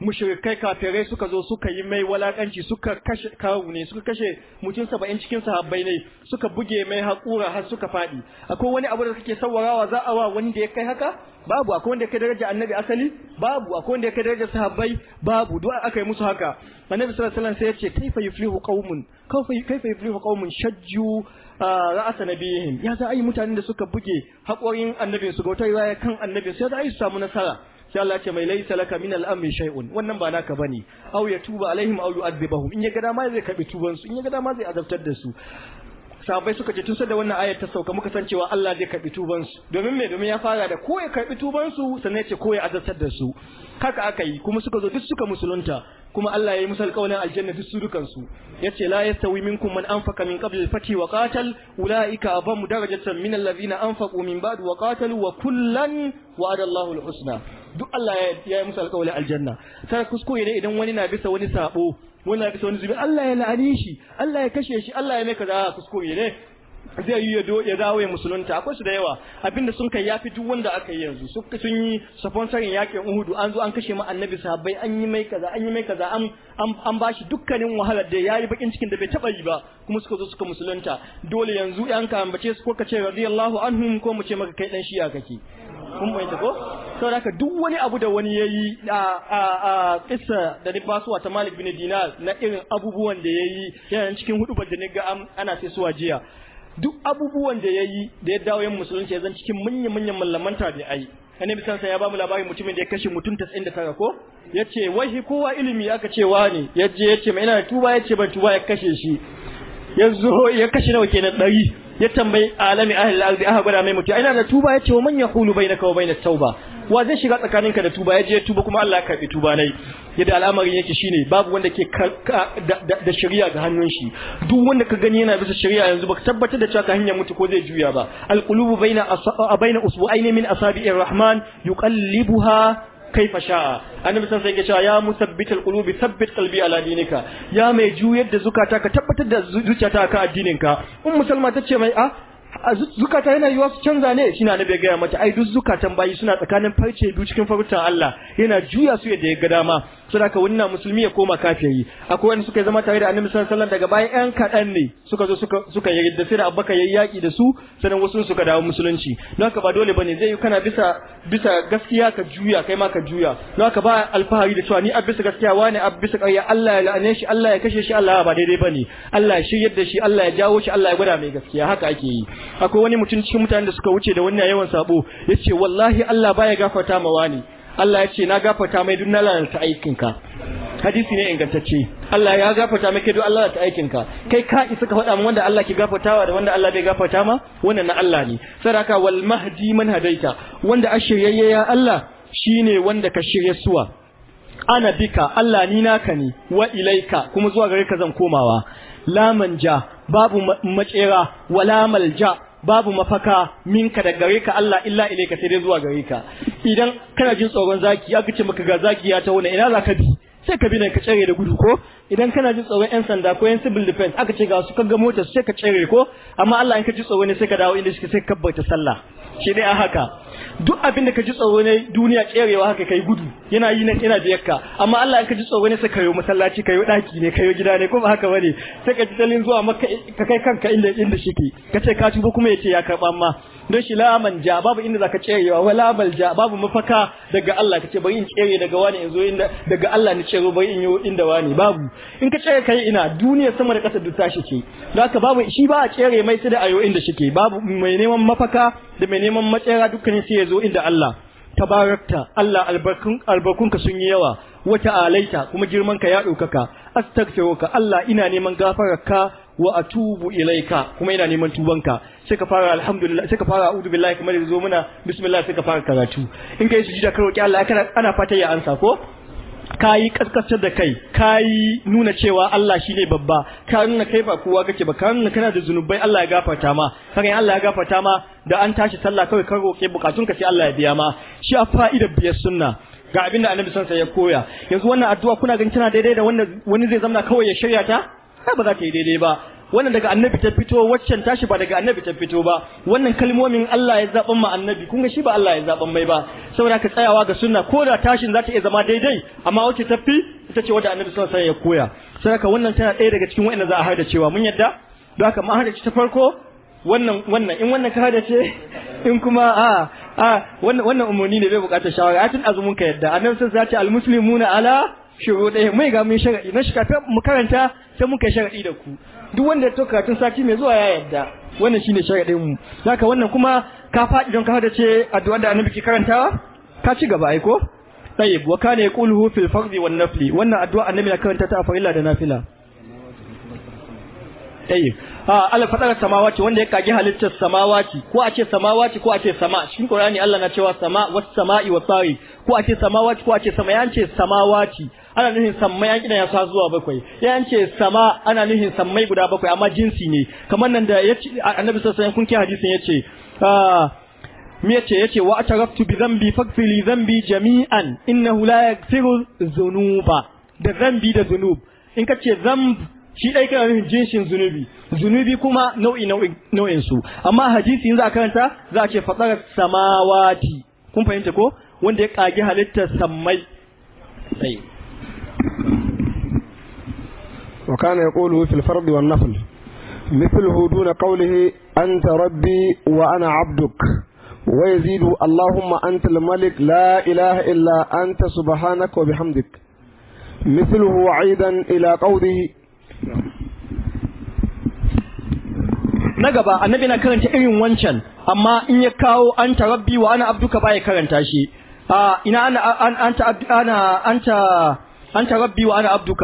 mushrikai kafirai suka zo suka yi mai walakanci suka kashe kawu ne suka kashe mutum saba'in cikin sahabbai ne suka buge mai haƙura har suka faɗi akwai wani abu da kake sawarawa za a wa wanda ya kai haka babu akwai wanda ya kai daraja annabi asali babu akwai wanda ya kai daraja sahabbai babu duk aka yi musu haka annabi sallallahu alaihi sai ya ce kaifa yuflihu qaumun kaifa yuflihu qaumun shajju ra'asa nabiyihim ya za a yi mutanen da suka buge haƙorin su ga wata riwaya kan annabinsu ya za a yi su samu nasara sai Allah ce mai laisa laka min al-amri shay'un wannan ba naka bane aw yatuba alaihim aw yu'adhibahum in ya gada dama zai kabi tuban su in ya gada dama zai azabtar da su sahabbai suka ce tun sai da wannan ayar ta sauka muka san cewa Allah zai karbi tuban su domin me domin ya fara da ko ya karbi tuban su sannan ya ce ko ya azabtar da su haka aka yi kuma suka zo duk suka musulunta kuma Allah ya yi musal alƙawarin aljanna duk su dukan su yace la yastawi minkum man anfaqa min qabl al fati wa qatal ulaika abamu darajatan min alladhina anfaqu min ba'd wa qatalu wa kullan wa'ada Allahu al-husna duk Allah ya yi musu alkawali aljanna sai kuskure ne idan wani na bisa wani sabo wani na bisa wani zubi Allah ya la'ani shi Allah ya kashe shi Allah ya mai kaza kuskure ne zai yi ya dawo ya musulunta akwai su da yawa abinda sun kai fi duk wanda aka yi yanzu sun yi sponsorin yakin Uhudu an zo an kashe mu annabi sahabbai an yi mai kaza an yi mai kaza an an bashi dukkanin wahalar da yayi bakin cikin da bai taba yi ba kuma suka zo suka musulunta dole yanzu yan ka ambace su ko ka ce radiyallahu anhum ko mu ce maka kai dan shi'a kake kun ta ko saboda haka duk wani abu da wani yayi a a a kissa da ni basuwa ta Malik bin Dinar na irin abubuwan da yayi yana cikin hudu da ni ga ana sai suwa jiya duk abubuwan da ya yi da ya dawo yin musulunci ya zan cikin munyin munyin mallaman tabi'ai annabi sansa ya bamu labarin mutumin da ya kashe mutum 99 ko yace wai kowa ilimi aka ce ne, yaje ce mai ina tuba ya yace ban tuba ya kashe shi ya zo ya kashe nawa kenan ɗari ya tambayi alami ahli al-ardi aka gwada mai mutu ina da tuba yace wa man yahulu bainaka wa baina tauba wa zai shiga tsakaninka da tuba yaje tuba kuma Allah ya karbi tuba nai yadda al'amarin yake shine babu wanda ke da shari'a ga hannun shi duk wanda ka gani yana bisa shari'a yanzu baka tabbatar da cewa hanyar mutu ko zai juya ba al-qulubu baina baina usbu'aini min asabi'ir rahman yuqallibuha kaifa sha'a annabi sun sai yake cewa ya musabbital qulubi thabbit qalbi ala dinika ya mai juyar da zukata ka tabbatar da zuciyata ka addinin ka um musulma ce mai a ah, a zukata yana yi su canza ne shi na bai gaya mata ai duk zukatan bayi suna tsakanin farce biyu cikin farutan Allah yana juya su yadda ya ga dama saboda wani na musulmi ya koma kafiri akwai wanda suka zama tare da annabi sallallahu alaihi daga bayan yan kadan ne suka zo suka suka da sai da ya yayi yaki da su sanan wasu suka dawo musulunci don haka ba dole bane zai yi kana bisa bisa gaskiya ka juya kai ma ka juya don haka ba alfahari da cewa ni a bisa gaskiya wani a bisa ƙarya Allah ya la'ane shi Allah ya kashe shi Allah ba daidai bane Allah ya shiryar da shi Allah ya jawo shi Allah ya gwada mai gaskiya haka ake yi akwai wani mutum cikin mutanen da suka wuce da wannan yawan sabo yace wallahi Allah baya gafarta ma wani Allah ya ce na gafarta mai duk na lalata aikinka hadisi ne ingantacce Allah ya gafarta maka duk Allah ta aikin ka kai ka isa ka faɗa min wanda Allah ke gafartawa da wanda Allah bai gafarta ma wannan na Allah ne saraka wal mahdi man hadaita wanda ashiryayye ya Allah shine wanda ka shirye suwa ana bika Allah ni naka ne wa ilaika kuma zuwa gare ka zan komawa la manja babu matsera wala malja babu mafaka minka da gare ka Allah illa ka sai dai zuwa gare ka idan kana jin tsoron zaki aka ce maka ga zaki ya wani ina za ka bi sai ka bi nan ka tsare da gudu ko idan kana ji tsoron yan sanda ko yan civil defense aka ce ga su kaga mota su sai ka cire ko amma Allah in ka ji tsoro ne sai ka dawo inda shi sai ka kabbata sallah shi dai a haka duk abin da ka ji tsoro ne duniya cerewa haka kai gudu yana yi nan yana biyar ka amma Allah in ka ji tsoro ne sai ka yi masallaci ka yi daki ne ka yi gida ne ko ba haka bane sai ka ji dalin zuwa makka ka kai kanka inda inda shi ke ka ce ka tuba kuma ya ce ya karba amma don shi la ja babu inda zaka cerewa wala ja babu mafaka daga Allah kace bari in cere daga wani in inda daga Allah ni cero bari in yi inda wani babu in ka tsaye kai ina duniya sama da ƙasa duk shi ke don haka babu shi ba a tsere mai sai da ayo inda shike babu mai neman mafaka da mai neman matsera dukkanin sai ya zo inda Allah tabarakta Allah albarkun albarkunka sun yi yawa wata alaita kuma girman ka ya ɗaukaka astaghfiruka Allah ina neman gafararka wa atubu ilaika kuma ina neman tubanka sai ka fara alhamdulillah sai ka fara a'udhu billahi da zo muna bismillah sai ka fara karatu in kai sujida ka roki Allah kana ana fata ya ansa ko kayi kaskatar da kai kayi nuna cewa Allah shi ne babba ka nuna kai ba kowa kake ba ka nuna kana da zunubai Allah ya gafarta ma ga Allah ya gafarta ma da an tashi sallah kawai ka roke bukatun ka sai Allah ya biya ma shi a fa'idar biyar sunna ga abin da Annabi sansa ya koya yanzu wannan addu'a kuna ganin tana daidai da wanda wani zai zama kawai ya shirya ta ba za ta yi daidai ba wannan daga annabi ta fito waccan tashi ba daga annabi ta fito ba wannan kalmomin Allah ya zaban ma annabi kun ga shi ba Allah ya zaban mai ba saboda ka tsayawa ga sunna ko da tashin za ta iya zama daidai amma wacce ta fi ita ce wadda annabi sallallahu alaihi wasallam ya koya saboda wannan tana ɗaya daga cikin wa'anda za a haɗa cewa mun yadda don haka mun haɗa ta farko wannan wannan in wannan ka haɗa ce in kuma a a wannan wannan umarni ne bai buƙatar shawara atin azumin ka yadda annabi sallallahu alaihi wasallam ya ce muslimuna ala shuruɗe mai ga mun shagadi na shi kafin mu karanta sai kai shagadi da ku duk wanda ya to karatun sati mai zuwa ya yadda wannan shine sharadin mu zaka wannan kuma ka faɗi don ka ce addu'a da annabi ke karantawa ka ci gaba ai ko tayyib wa kana yaquluhu fil fardhi wan nafli wannan addu'a annabi ya karanta ta a farilla da nafila tayyib a ala fadar samawati wanda ya kage halittar samawati ko a ce samawati ko a ce sama cikin qur'ani Allah na cewa sama was sama'i was sari ko a ce samawati ko a ce sama yan ce samawati ana nuhin sammai an kidaya sa zuwa bakwai ya ce sama ana nuhin sammai guda bakwai amma jinsi ne kamar nan da yace annabi sallallahu alaihi kun ki hadisin yace ah, me yace yace wa ataraftu bi dhanbi faghfir dhanbi jami'an innahu la yaghfiru dhunuba da dhanbi da dhunub in ka ce dhanb shi dai kana nuhin jinsin zunubi zunubi kuma nau'i nau'in su amma hadisi in za karanta za a ce fatsarar samawati kun fahimta ko wanda ya kage halittar sammai وكان يقوله في الفرض والنفل مثله دون قوله أنت ربي وأنا عبدك ويزيد اللهم أنت الملك لا إله إلا أنت سبحانك وبحمدك مثله عيدا إلى قوله na gaba annabi na karanta irin wancan amma in ya kawo anta rabbi wa ana abduka baya karanta shi a ina ana anta ana anta أنت ربي وأنا عبدك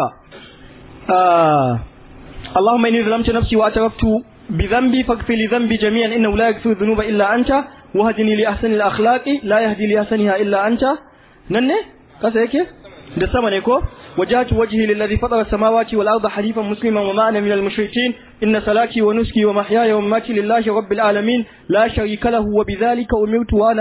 آه اللهم إني ظلمت نفسي وأترفت بذنبي فاغفر لي ذنبي جميعا إنه لا يغفر الذنوب إلا أنت وهدني لأحسن الأخلاق لا يهدي لأحسنها إلا أنت نني قصة هيك da sama ne ko wajhatu wajhi lillazi fatara samawati wal arda halifan musliman wa ma'ana minal mushrikin inna salati wa nuski wa mahyaya wa mamati lillahi rabbil alamin la sharika lahu wa bidhalika umirtu wa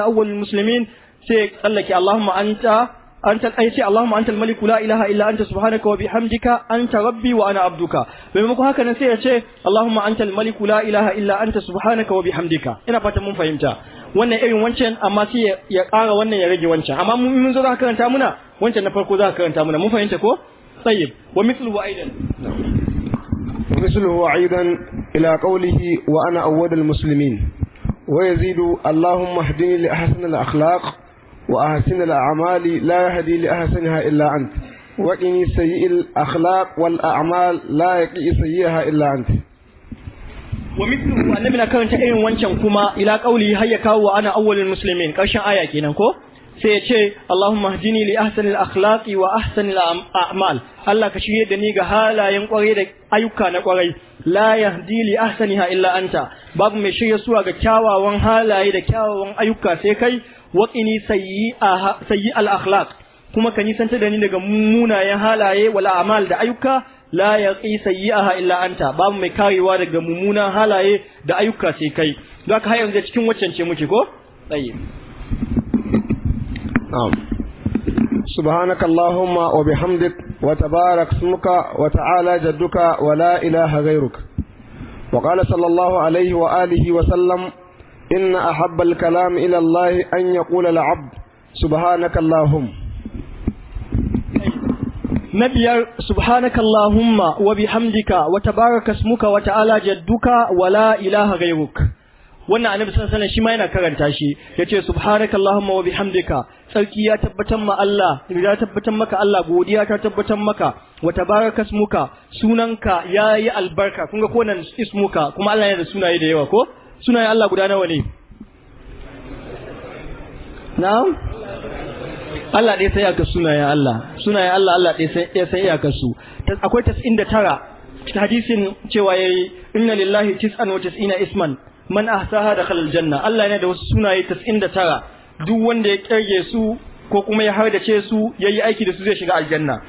sai tsallake allahumma anta anta an ce Allahumma antal maliku ilaha illa anta subhanaka wa bihamdika anta rabbi wa ana abduka maimakon haka na sai ya ce Allahumma antal maliku ilaha illa anta subhanaka wa bihamdika ina fatan mun fahimta wannan irin wancan amma sai ya ƙara wannan ya rage wancan amma mun za ka karanta muna wancan na farko za ka karanta muna mun fahimta ko wa wa aidan ila wa ana awwalul ويزيد اللهم اهدني لأحسن الأخلاق وأحسن الأعمال لا يهدي لأحسنها إلا أنت وقني سيء الأخلاق والأعمال لا يقي سيئها إلا أنت ومثله annabi na karanta irin wancan kuma ila kauli har ya kawo ana awwalul muslimin karshen aya kenan ko sai ya ce Allahumma hdini li ahsanil akhlaqi wa ahsanil a'mal Allah ka shirya da ni ga halayen kwarai da ayyuka na kwarai la yahdi li ahsaniha babu mai shirya suwa ga kyawawan halaye da kyawawan ayyuka sai kai waƙini sayi sayyi al akhlaq kuma ka nisanta da ni daga munayen halaye wal amal da ayyuka la yaqi sayyi'aha illa anta babu mai karewa daga mummunan halaye da ayyuka sai kai don haka har yanzu cikin waccan ce muke ko tsaye na'am subhanaka allahumma wa bihamdik wa tabarak smuka wa ta'ala jadduka wa la ilaha ghayruk wa sallallahu alaihi wa wa sallam إن أحب الكلام إلى الله أن يقول العبد سبحانك اللهم نبي سبحانك اللهم وبحمدك وتبارك اسمك وتعالى جدك ولا إله غيرك wannan annabi sallallahu alaihi shi ma yana karanta shi yace subhanaka allahumma wa bihamdika sarki ya tabbatar ma Allah ya tabbatar maka Allah godiya ta tabbatar maka wa tabaraka ismuka sunanka yayi albarka kun ga ko nan ismuka kuma Allah yana da sunaye da yawa ko sunayen Allah guda nawa ne na'am Allah ɗaya sai iyakar sunayen Allah sunayen Allah Allah ɗaya sai iyakar su akwai tas'in da tara hadisin cewa ya yi, inna lillahi tis'an wa tas'ina isman man da khalal janna." Allah yana da wasu sunaye tara, duk wanda ya kirge su ko kuma ya hardace su yi aiki da su zai shiga aljanna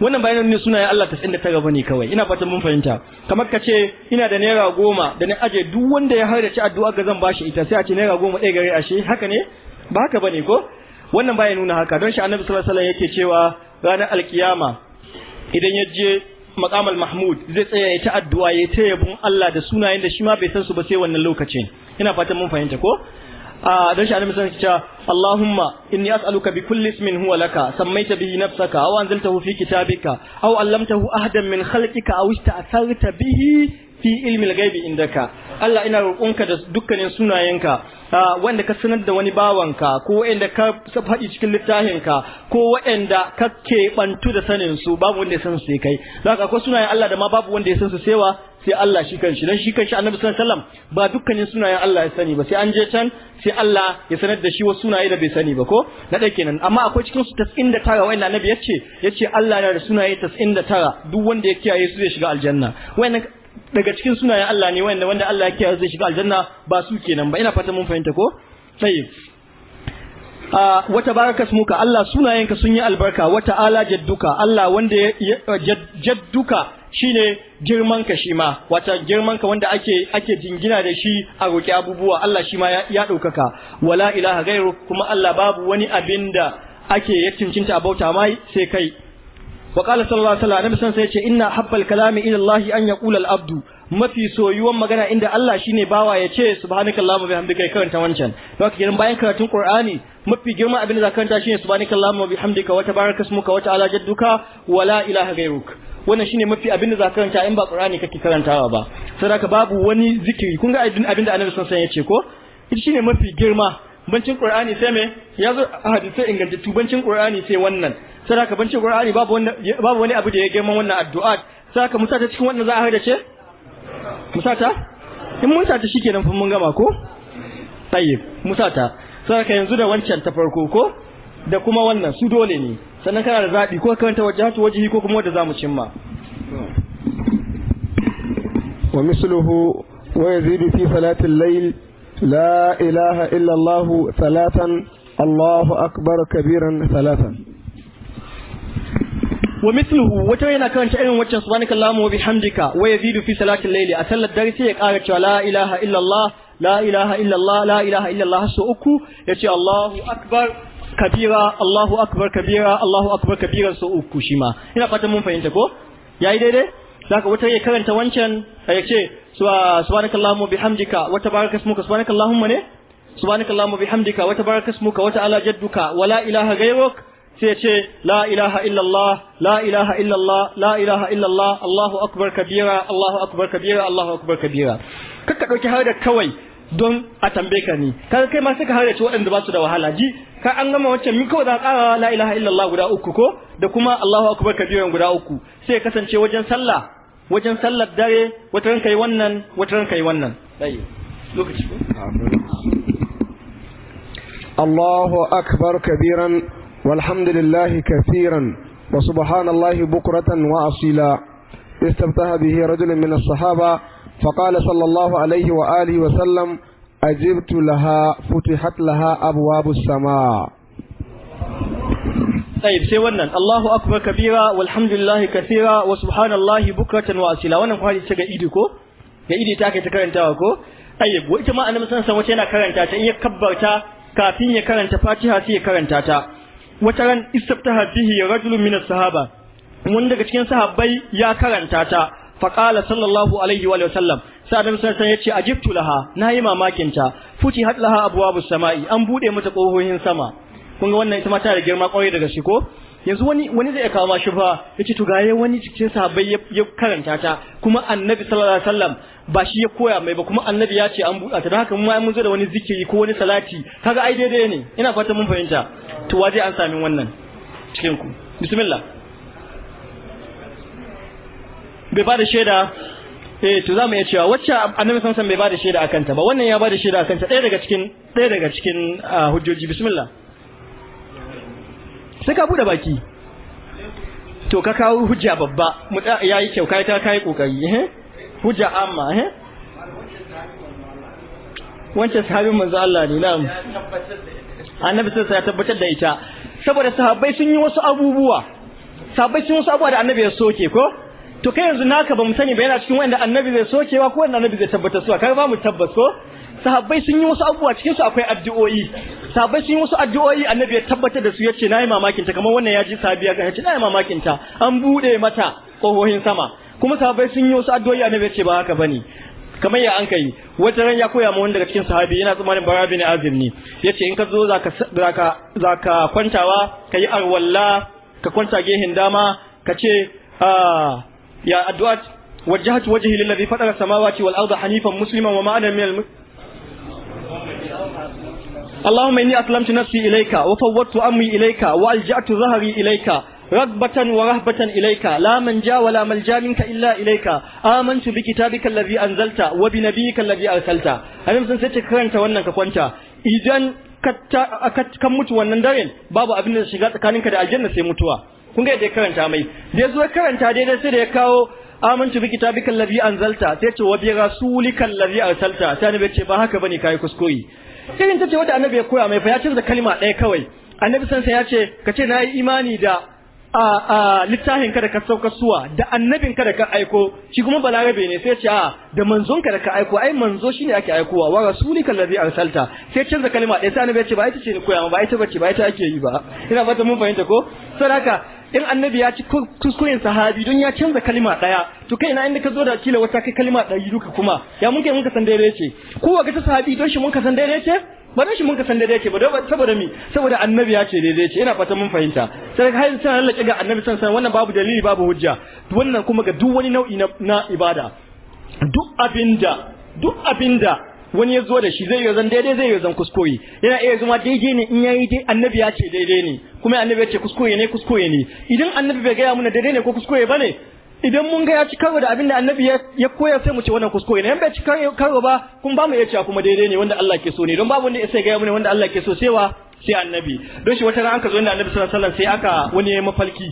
wannan bayanan ne sunayen Allah ta gaba ne kawai ina fatan mun fahimta kamar ka ce ina da naira goma da na aje duk wanda ya har ci addu'a ga zan bashi ita sai a ce naira goma ɗaya gare ashe haka ne ba haka bane ko wannan baya nuna haka don shi annabi sallallahu alaihi yake cewa ranar alkiyama idan ya je maqamal mahmud zai tsaya ya ta addu'a ya ta yabon Allah da sunayen da shi ma bai san su ba sai wannan lokacin ina fatan mun fahimta ko a ah, don shi annabi sallallahu alaihi wasallam Allahumma inni as'aluka bi kulli ismin huwa laka sammaita bihi nafsaka aw anzaltahu fi kitabika aw allamtahu ahadan min khalqika aw ista'tharta bihi fi ilmi al-ghaibi indaka Allah ina roƙonka da dukkanin sunayenka ah, wanda ka sanar da wani bawanka ko wanda ka faɗi cikin littafinka ko wanda ka ɓantu da sanin su babu wanda ya san su sai kai zaka akwai sunayen Allah da ma babu wanda ya san su sai sai Allah shi kanshi dan shi kanshi Annabi sallallahu alaihi wasallam ba dukkanin sunayen Allah ya sani ba sai an je can sai Allah ya sanar da shi wasu sunaye da bai sani ba ko na dai kenan amma akwai cikin su 99 wanda Annabi ya ce Allah yana da sunaye 99 duk wanda ya kiyaye su zai shiga aljanna wayannan daga cikin sunayen Allah ne wanda wanda Allah ya kiyaye zai shiga aljanna ba su kenan ba ina fata mun fahimta ko tayyib a wata baraka muka Allah sunayenka sun yi albarka wata ala jadduka Allah wanda jadduka shine girman ka shi ma wata girman ka wanda ake ake jingina da shi a roƙi abubuwa Allah shi ma ya ɗaukaka wala ilaha gairu kuma Allah babu wani abin da ake ya cincinta a bauta mai sai kai wa qala sallallahu alaihi wasallam san sai ce inna habbal kalami ila Allah an yaqula al abdu mafi soyuwan magana inda Allah shine bawa ya ce subhanakallahumma bihamdika karanta wancan to waka gidan bayan karatun Qur'ani mafi girma abin da zakaranta shine subhanakallahumma bihamdika wa tabarakasmuka wa ta'ala jadduka Wala la ilaha ghayruk wannan shine mafi abinda za ka karanta in ba Qur'ani kake karantawa ba saboda babu wani zikiri kun ga abinda Annabi sallallahu alaihi ya ce ko ita shine mafi girma bancin Qur'ani sai me ya zo inganta ingantattu bancin Qur'ani sai wannan saboda bancin Qur'ani babu wani babu wani abu da ya girma wannan addu'a saboda musa ta cikin wannan za a hada ce musa ta in Musata ta shikenan fa mun gama ko tayyib musa ta saboda yanzu da wancan ta farko ko da kuma wannan su dole ne sannan kana da zaɓi ko karanta wajhatu wajihi ko kuma wadda za mu cimma wa misluhu wa yazidu fi salati layl la ilaha illa Allah thalathan Allahu akbar kabiran salatan. wa mithluhu wata yana karanta irin waccan subhanakallahumma wa bihamdika wa yazidu fi salatin al-layli a sallar dare sai ya ƙara cewa la ilaha illa Allah la ilaha illa Allah la ilaha illa Allah so uku yace Allahu akbar kabira Allahu akbar kabira Allahu akbar kabira so uku shi ma ina fatan mun fahimta ko yayi daidai saka wata ya karanta wancan ya ce subhanakallahumma bihamdika wa tabarakasmuka ismuka subhanakallahumma ne subhanakallahumma bihamdika wa tabarakasmuka wa ta'ala jadduka wa la ilaha ghayruk sai ce la ilaha illallah la ilaha illallah la ilaha illallah Allahu akbar kabira Allahu akbar kabira Allahu akbar kabira kakka dauki har da kawai don a tambaye ka ni kaga kai ma sai ka hare waɗanda ba su da wahala ji ka an gama wancan mi kawai za ka ƙara la ilaha illallah guda uku ko da kuma Allahu akbar kabiran guda uku sai kasance wajen sallah wajen sallar dare wata ran kai wannan wata ran kai wannan dai lokaci ko Allahu akbar kabiran walhamdulillahi kaseeran wa subhanallahi bukratan wa asila استفتح به رجل من الصحابة فقال صلى الله عليه وآله وسلم أجبت لها فتحت لها أبواب السماء طيب sai wannan Allahu akbar kabira walhamdulillahi kathira wa subhanallahi bukratan wa asila wannan kwari ce ga ga idi ta kai ta karantawa ko ayyab ita ma annabi sallallahu alaihi wasallam yana karanta ta in ya kabbarta kafin ya karanta Fatiha sai ya karanta ta wata ran istiftaha bihi rajulun sahaba wanda daga cikin sahabbai ya karanta ta sallallahu alaihi wa sallam sai annabi ya ce a Jiftu laha yi mamakin ta futi hat laha bu sama'i an bude mata kohohin sama kun ga wannan ita ma ta da girma kwarai daga shi ko yanzu wani wani zai kawo shi ya ce to gaye wani cikin sahabbai ya karanta ta kuma annabi sallallahu alaihi ba shi ya koya mai ba kuma annabi ya ce an buɗa ta don haka mun mun zo da wani zikiri ko wani salati kaga ai daidai ne ina fata mun fahimta to waje an sami wannan cikin ku bismillah bai ba da shaida eh to zamu iya cewa wacce annabi samson bai bada shaida akan ta ba wannan ya bada shaida akan ta ɗaya daga cikin ɗaya daga cikin ah, hujjoji bismillah sai ka bude baki to ka kawo hujja babba mu yayi kyau kai ta kai kokari eh hujja amma eh wancan sahabin manzo Allah ne na'am annabi sai ya tabbatar da ita saboda sahabbai sun yi wasu abubuwa sahabbai sun yi wasu abubuwa da annabi ya soke ko to kai yanzu naka ba mu sani ba yana cikin wanda annabi zai sokewa ko wanda annabi zai tabbatar suwa kaga ba mu tabbas ko sahabbai sun yi wasu abubuwa cikin su akwai addu'o'i sahabbai sun yi wasu addu'o'i annabi ya tabbatar da su yace nayi mamakin ta kamar wannan yaji sahabiya ga yace nayi mamakin ta an bude mata kohohin sama kuma sahabbai sun yi wasu addu'o'i annabi yace ba haka bane kamar ya an kai wata ran ya koya mu wani daga cikin sahabi yana tsammanin bara bin azim ne yace in ka zo zaka zaka zaka kwantawa kai arwalla ka kwanta gehen dama ka ce ah ya addu'a wajjahat wajhi lillazi fatara samawati wal arda hanifan musliman wa ma'ana min اللهم إني أسلمت نفسي إليك وفوضت أمري إليك وألجأت ظهري إليك رغبة ورهبة إليك لا منجا ولا ملجا منك إلا إليك آمنت بكتابك الذي أنزلت وبنبيك الذي أرسلت أنا مثلا سيتكرنت وأنك كنت إذا ka mutu wannan daren babu abin da shiga tsakaninka da aljanna sai mutuwa kun ga ya karanta mai da ya zo karanta daidai sai da ya kawo amintu bi kitabikal an anzalta sai ce wa bi rasulikal an arsalta sai annabi ce ba haka bane kai kuskure irin ce wanda annabi ya koya mai fa ya ce da kalma ɗaya kawai annabi sansa ya ce ka ce na yi imani da a littafin kada da ka sauka suwa da annabin kada da ka aiko shi kuma balarabe ne sai ce a ah, da manzon kada da ka aiko ai manzo shine ake aikowa wa rasulika allazi arsalta sai canza kalma ɗaya sai annabi ya ce ba ita ce ni koya ba ita bace ba ita ake yi ba ina fata mun fahimta ko saboda in annabi ya ci kuskuren sahabi don ya canza kalma ɗaya to kai ina inda ka zo da kila wata kai kalma ɗari duka kuma ya mun kai mun ka san daidai ce ko ga ta sahabi don shi mun ka san daidai ce ba don shi mun kasan daidai yake ba saboda mi saboda annabi ya ce daidai ce ina fata mun fahimta sai ka hayin sai Allah ga annabi san san wannan babu dalili babu hujja wannan kuma ga duk wani nau'i na ibada duk abinda duk abinda wani ya zo da shi zai zan daidai zai zan kuskure yana iya zama daidai ne in ya yi dai annabi ya ce daidai ne kuma annabi ya ce kuskure ne kuskure ne idan annabi bai gaya mana daidai ne ko kuskure ne. idan mun ga ya ci karo da abin da annabi ya koya sai mu ce wannan kuskure ne in bai ci karo ba kun ba mu iya cewa kuma daidai ne wanda Allah ke so ne don babu wanda ya sai ga mu ne wanda Allah ke so sai wa sai annabi don shi wata ran aka zo inda annabi sallallahu alaihi wasallam sai aka wani yayi mafalki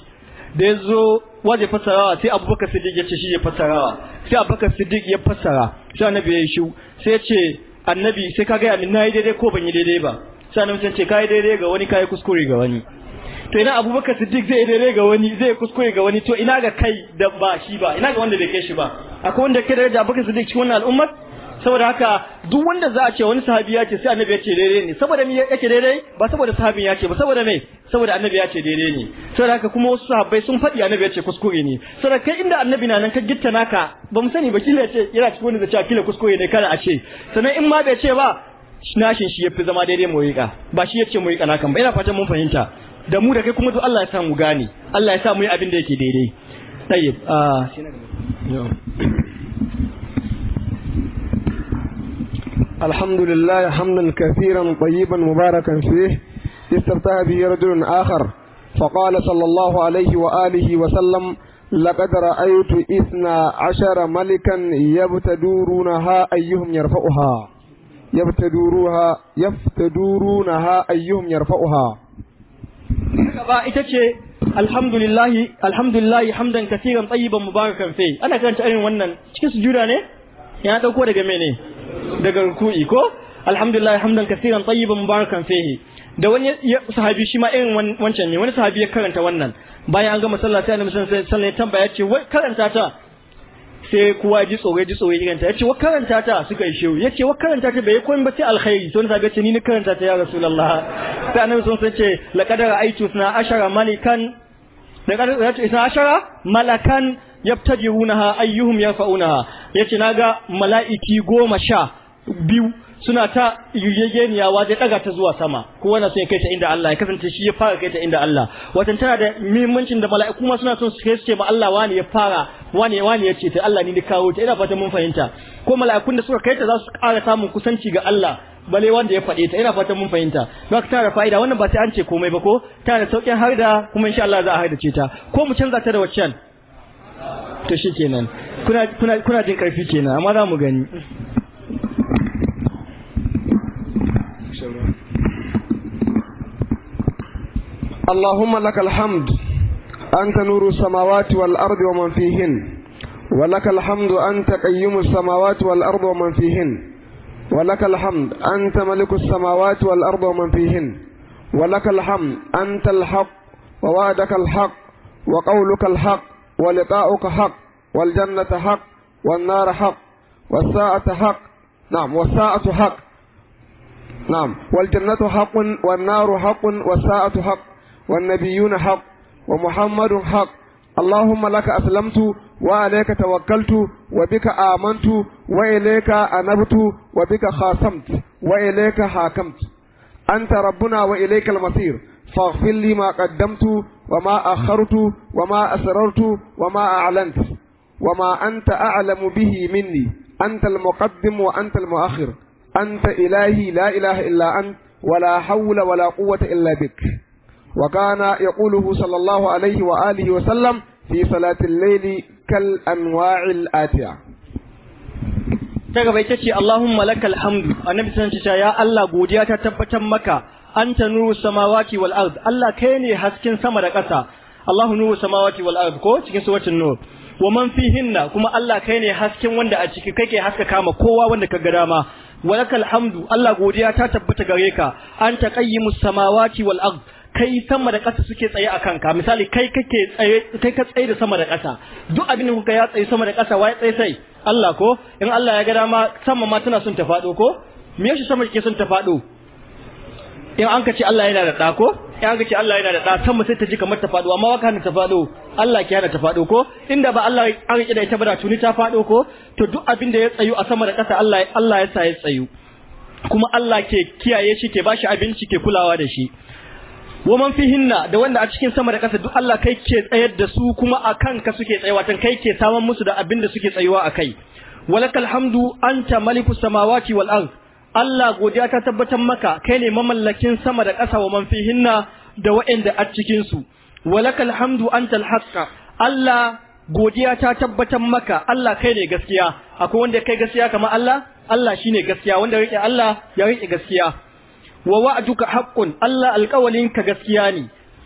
da ya zo waje fassarawa sai abubakar siddiq ya ce shi ya fassarawa sai abubakar siddiq ya fassara sai annabi ya yi shi sai ya ce annabi sai ka ya min nayi daidai ko ban yi daidai ba sai annabi sai ce kai daidai ga wani kai kuskure ga wani to ina abubakar siddiq zai daidai ga wani zai kuskure ga wani to ina ga kai da ba shi ba ina ga wanda bai kai shi ba akwai wanda kai da abubakar siddiq cikin wannan al'ummar saboda haka duk wanda za a ce wani sahabi ya ce sai annabi ya ce daidai ne saboda me yake daidai ba saboda sahabin ya ce ba saboda me saboda annabi ya ce daidai ne saboda haka kuma wasu sahabbai sun faɗi annabi ya ce kuskure ne saboda kai inda annabi na nan ka gitta naka ba mu sani ba kila ya ce yana cikin wanda zai ce kila kuskure ne kada a ce sannan in ma bai ce ba nashin shi ya fi zama daidai mu ba shi ce mu yi kana kan ba ina fatan mun fahimta da mu da kai kuma duk Allah ya sa mu gane Allah ya sa mu yi abin da yake daidai tayyib ah الحمد لله حمدا كثيرا طيبا مباركا فيه استفتى به رجل آخر فقال صلى الله عليه وآله وسلم لقد رأيت إثنى عشر ملكا يبتدورونها أيهم يرفعها يبتدورها يفتدورونها أيهم يرفعها gaba ita ce alhamdulillahi alhamdulillahi hamdan kasiran tayyiban mubarakan fi ana karanta irin wannan cikin sujuda ne ya dauko daga mene daga ruku'i ko alhamdulillahi hamdan kasiran tayyiban mubarakan fihi da wani sahabi shi ma irin wancan ne wani sahabi ya karanta wannan bayan an gama sallah sai annabi sallallahu alaihi wasallam ya tambaya ce wai karanta ta sai kowa ji tsoro ji tsoro irin ta yace wa karanta ta suka yi shehu yace wa karanta ta bai koyi ba sai alkhairi to na ga ce ni ni karanta ta ya rasulullah sai annabi sun sace laqad ra'aytu sna ashara malikan laqad ra'aytu sna ashara malakan yabtajirunaha ayyuhum yafauna yace naga mala'iki goma sha biyu suna ta yayyeniya waje daga ta zuwa sama ko wannan sai kai ta inda Allah ya kasance shi ya fara kai ta inda Allah watan tana da muhimmancin da mala'iku kuma suna son su kai su ce ma Allah wani ya fara wani wani ya ce ta Allah ne da kawo ta ina fatan mun fahimta ko mala'ikun da suka kai ta za su ƙara samun kusanci ga Allah bale wanda ya faɗe ta ina fatan mun fahimta don ka tara fa'ida wannan ba ta an ce komai ba ko tana saukin har da kuma insha Allah za a ce ta ko mu canza ta da waccan to shikenan kuna kuna kuna jin karfi kenan amma za mu gani اللهم لك الحمد أنت نور السماوات والأرض ومن فيهن ولك الحمد أنت قيوم السماوات والأرض ومن فيهن ولك الحمد أنت ملك السماوات والأرض ومن فيهن ولك الحمد أنت الحق ووعدك الحق وقولك الحق ولقاؤك حق والجنة حق والنار حق والساعة حق نعم والساعة حق نعم والجنة حق والنار حق والساعة حق والنبيون حق ومحمد حق اللهم لك أسلمت وعليك توكلت وبك آمنت وإليك أنبت وبك خاصمت وإليك حاكمت أنت ربنا وإليك المصير فاغفر لي ما قدمت وما أخرت وما أسررت وما أعلنت وما أنت أعلم به مني أنت المقدم وأنت المؤخر أنت إلهي لا إله إلا أنت ولا حول ولا قوة إلا بك وكان يقوله صلى الله عليه وآله وسلم في صلاة الليل كالأنواع الآتية ta gaba ita ce Allahumma lakal hamdu annabi sun ce ya Allah godiya ta tabbatar maka anta nuru samawati wal ard Allah kai ne hasken sama da ƙasa Allahu nuru samawati wal ard ko cikin suratul nur wa man hinna kuma Allah kai ne hasken wanda a ciki kake haska kama kowa wanda ka ga dama walakal hamdu Allah godiya ta tabbatar gare ka anta qayyimus samawati wal kai sama da ƙasa suke tsaye a kanka misali kai kake tsaye kai ka tsaye da sama da ƙasa duk abin da kuka ya tsaye sama da ƙasa wai tsaye sai Allah ko in Allah ya ga dama sama ma tana son ta faɗo ko me yasa sama ke son ta faɗo in an ka ce Allah yana da ɗa ko in an ka ce Allah yana da ɗa sama sai ta ji kamar ta faɗo amma waka hana ta faɗo Allah ke yana ta faɗo ko inda ba Allah an riƙe da ita ba da tuni ta faɗo ko to duk abin da ya tsayu a sama da ƙasa Allah Allah ya sa ya tsayu kuma Allah ke kiyaye shi ke bashi abinci ke kulawa da shi wa man fihinna da wanda a cikin sama da ƙasa duk Allah kai ke tsayar da su kuma a ka suke tsayawa tan kai ke saman musu da abin da suke tsayuwa a kai walakal hamdu anta maliku samawati wal ard Allah godiya ta tabbatar maka kai ne mamallakin sama da ƙasa wa man fihinna da waɗanda a cikin su walakal hamdu al haqqa Allah godiya ta tabbatar maka Allah kai ne gaskiya akwai wanda kai gaskiya kamar Allah Allah shine gaskiya wanda yake Allah ya rike gaskiya wa wa'duka haqqun Allah ka gaskiya ne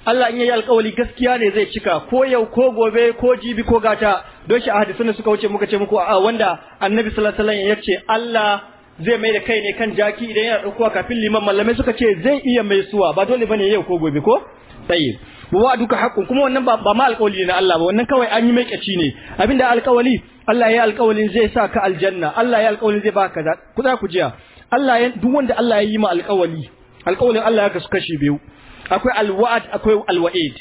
Allah in yayi alƙawali gaskiya ne zai cika ko yau ko gobe ko jibi ko gata don shi a suka wuce muka ce muku a wanda annabi sallallahu alaihi wasallam ya ce Allah zai mai da kai ne kan jaki idan yana a kafin liman mallamai suka ce zai iya mai suwa ba dole bane yau ko gobe ko tsaye wa duka haƙƙun kuma wannan ba ma alƙawali ne na Allah ba wannan kawai an yi mai kaci ne abinda alƙawali Allah ya yi alƙawalin zai sa ka aljanna Allah ya yi alƙawalin zai ba ka kaza ku za ku jiya Allah ya duk wanda Allah ya yi ma alƙawali alƙawalin Allah ya kasu kashi biyu akwai alwa'ad akwai alwa'id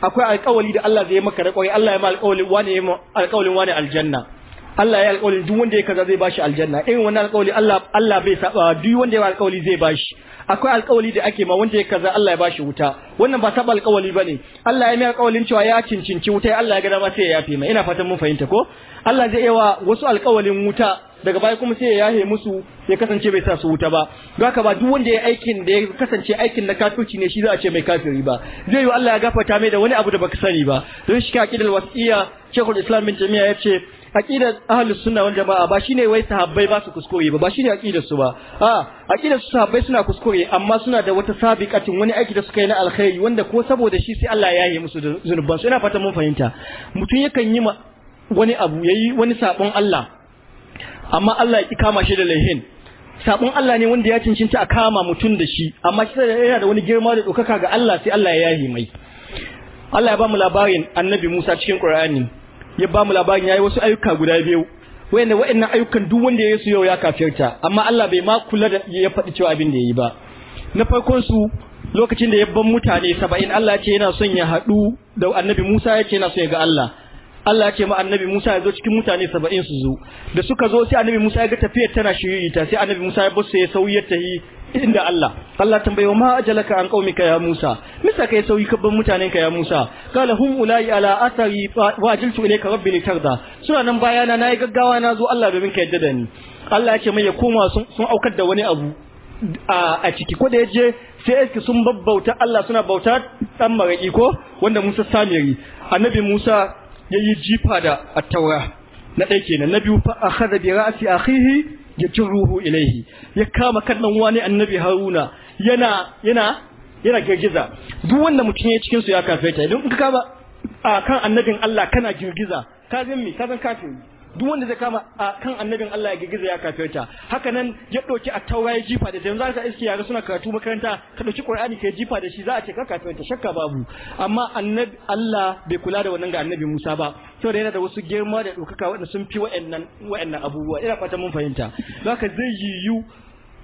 akwai alƙawali da Allah zai maka da Allah ya ma alƙawalin wani ya alƙawalin wani aljanna Allah ya alƙawalin duk wanda ya kaza zai bashi aljanna irin wannan alƙawali Allah Allah bai saba duk wanda ya alƙawali zai bashi akwai alƙawali da ake ma wanda ya kaza Allah ya bashi wuta wannan ba saba alƙawali bane Allah ya mai alƙawalin cewa ya cincinci wuta Allah ya ga dama sai ya yafe mai ina fatan mun fahimta ko Allah zai yi wa wasu alƙawalin wuta daga baya kuma sai ya yahe musu ya kasance bai sa su wuta ba haka ba duk wanda ya aikin da ya kasance aikin na kafirci ne shi za a ce mai kafiri ba zai yi Allah ya gafarta mai da wani abu da baka sani ba don shi ka aqidal wasiya Sheikhul Islam bin jami'a ya ce aqidar ahlus sunna wal jamaa ba shine wai sahabbai ba su kuskure ba ba shine aqidar su ba a aqidar su sahabbai suna kuskure amma suna da wata sabiqatin wani aiki da suka yi na alkhairi wanda ko saboda shi sai Allah ya yi musu zunubansu ina fatan mun fahimta mutum yakan yi wani abu yayi wani sabon Allah amma Allah ya ki kama shi da laihin sabon Allah ne wanda ya cincinta a kama mutum da shi amma shi yana da wani girma da ɗaukaka ga Allah sai Allah ya yahi mai Allah ya ba mu labarin annabi Musa cikin Qur'ani ya ba mu labarin yayi wasu ayyuka guda biyu wayanda wayannan ayyukan duk wanda ya su yau ya kafirta amma Allah bai ma kula da ya faɗi cewa abin da yayi ba na farkon su lokacin da ya ban mutane saba'in Allah ya ce yana son ya haɗu da annabi Musa ya ce yana son ya ga Allah Allah ya ce ma annabi Musa ya zo cikin mutane 70 su zo da suka zo sai annabi Musa ya ga tafiyar tana shiriri ta sai annabi Musa ya bar sai ya sauyar ta yi inda Allah Allah tambayo ma ajalaka an qaumika ya Musa misa kai sauyi ban mutanen ka ya Musa kala hum ulai ala athari wa ajiltu ilayka rabbi tarda suna nan bayana nayi gaggawa na zo Allah domin ka yadda da ni Allah ya ce mai ya koma sun sun aukar da wani abu a ciki ko da yaje sai iski sun babbauta Allah suna bauta dan maraki ko wanda Musa samiri annabi Musa ya yi jifa da attaura na ɗaya kenan na biyu fa akhadha bi ra'si akhihi ruhu ilayhi ya kama kan dan wani annabi haruna yana yana yana girgiza duk wanda mutum ya cikin su ya kafeta idan ka kama a kan annabin Allah kana girgiza ka zan mi ka zan kafin. duk wanda zai kama a kan annabin Allah ya girgiza ya kafirta haka nan ya dauki taura ya jifa da yanzu haka iske yara suna karatu makaranta ka dauki Qur'ani ka jifa da shi za a ce ka kafirta shakka babu amma annabi Allah bai kula da wannan ga annabi Musa ba saboda yana da wasu girma da dokaka wanda sun fi wa'annan wa'annan abubuwa ina fata mun fahimta zaka zai yiwu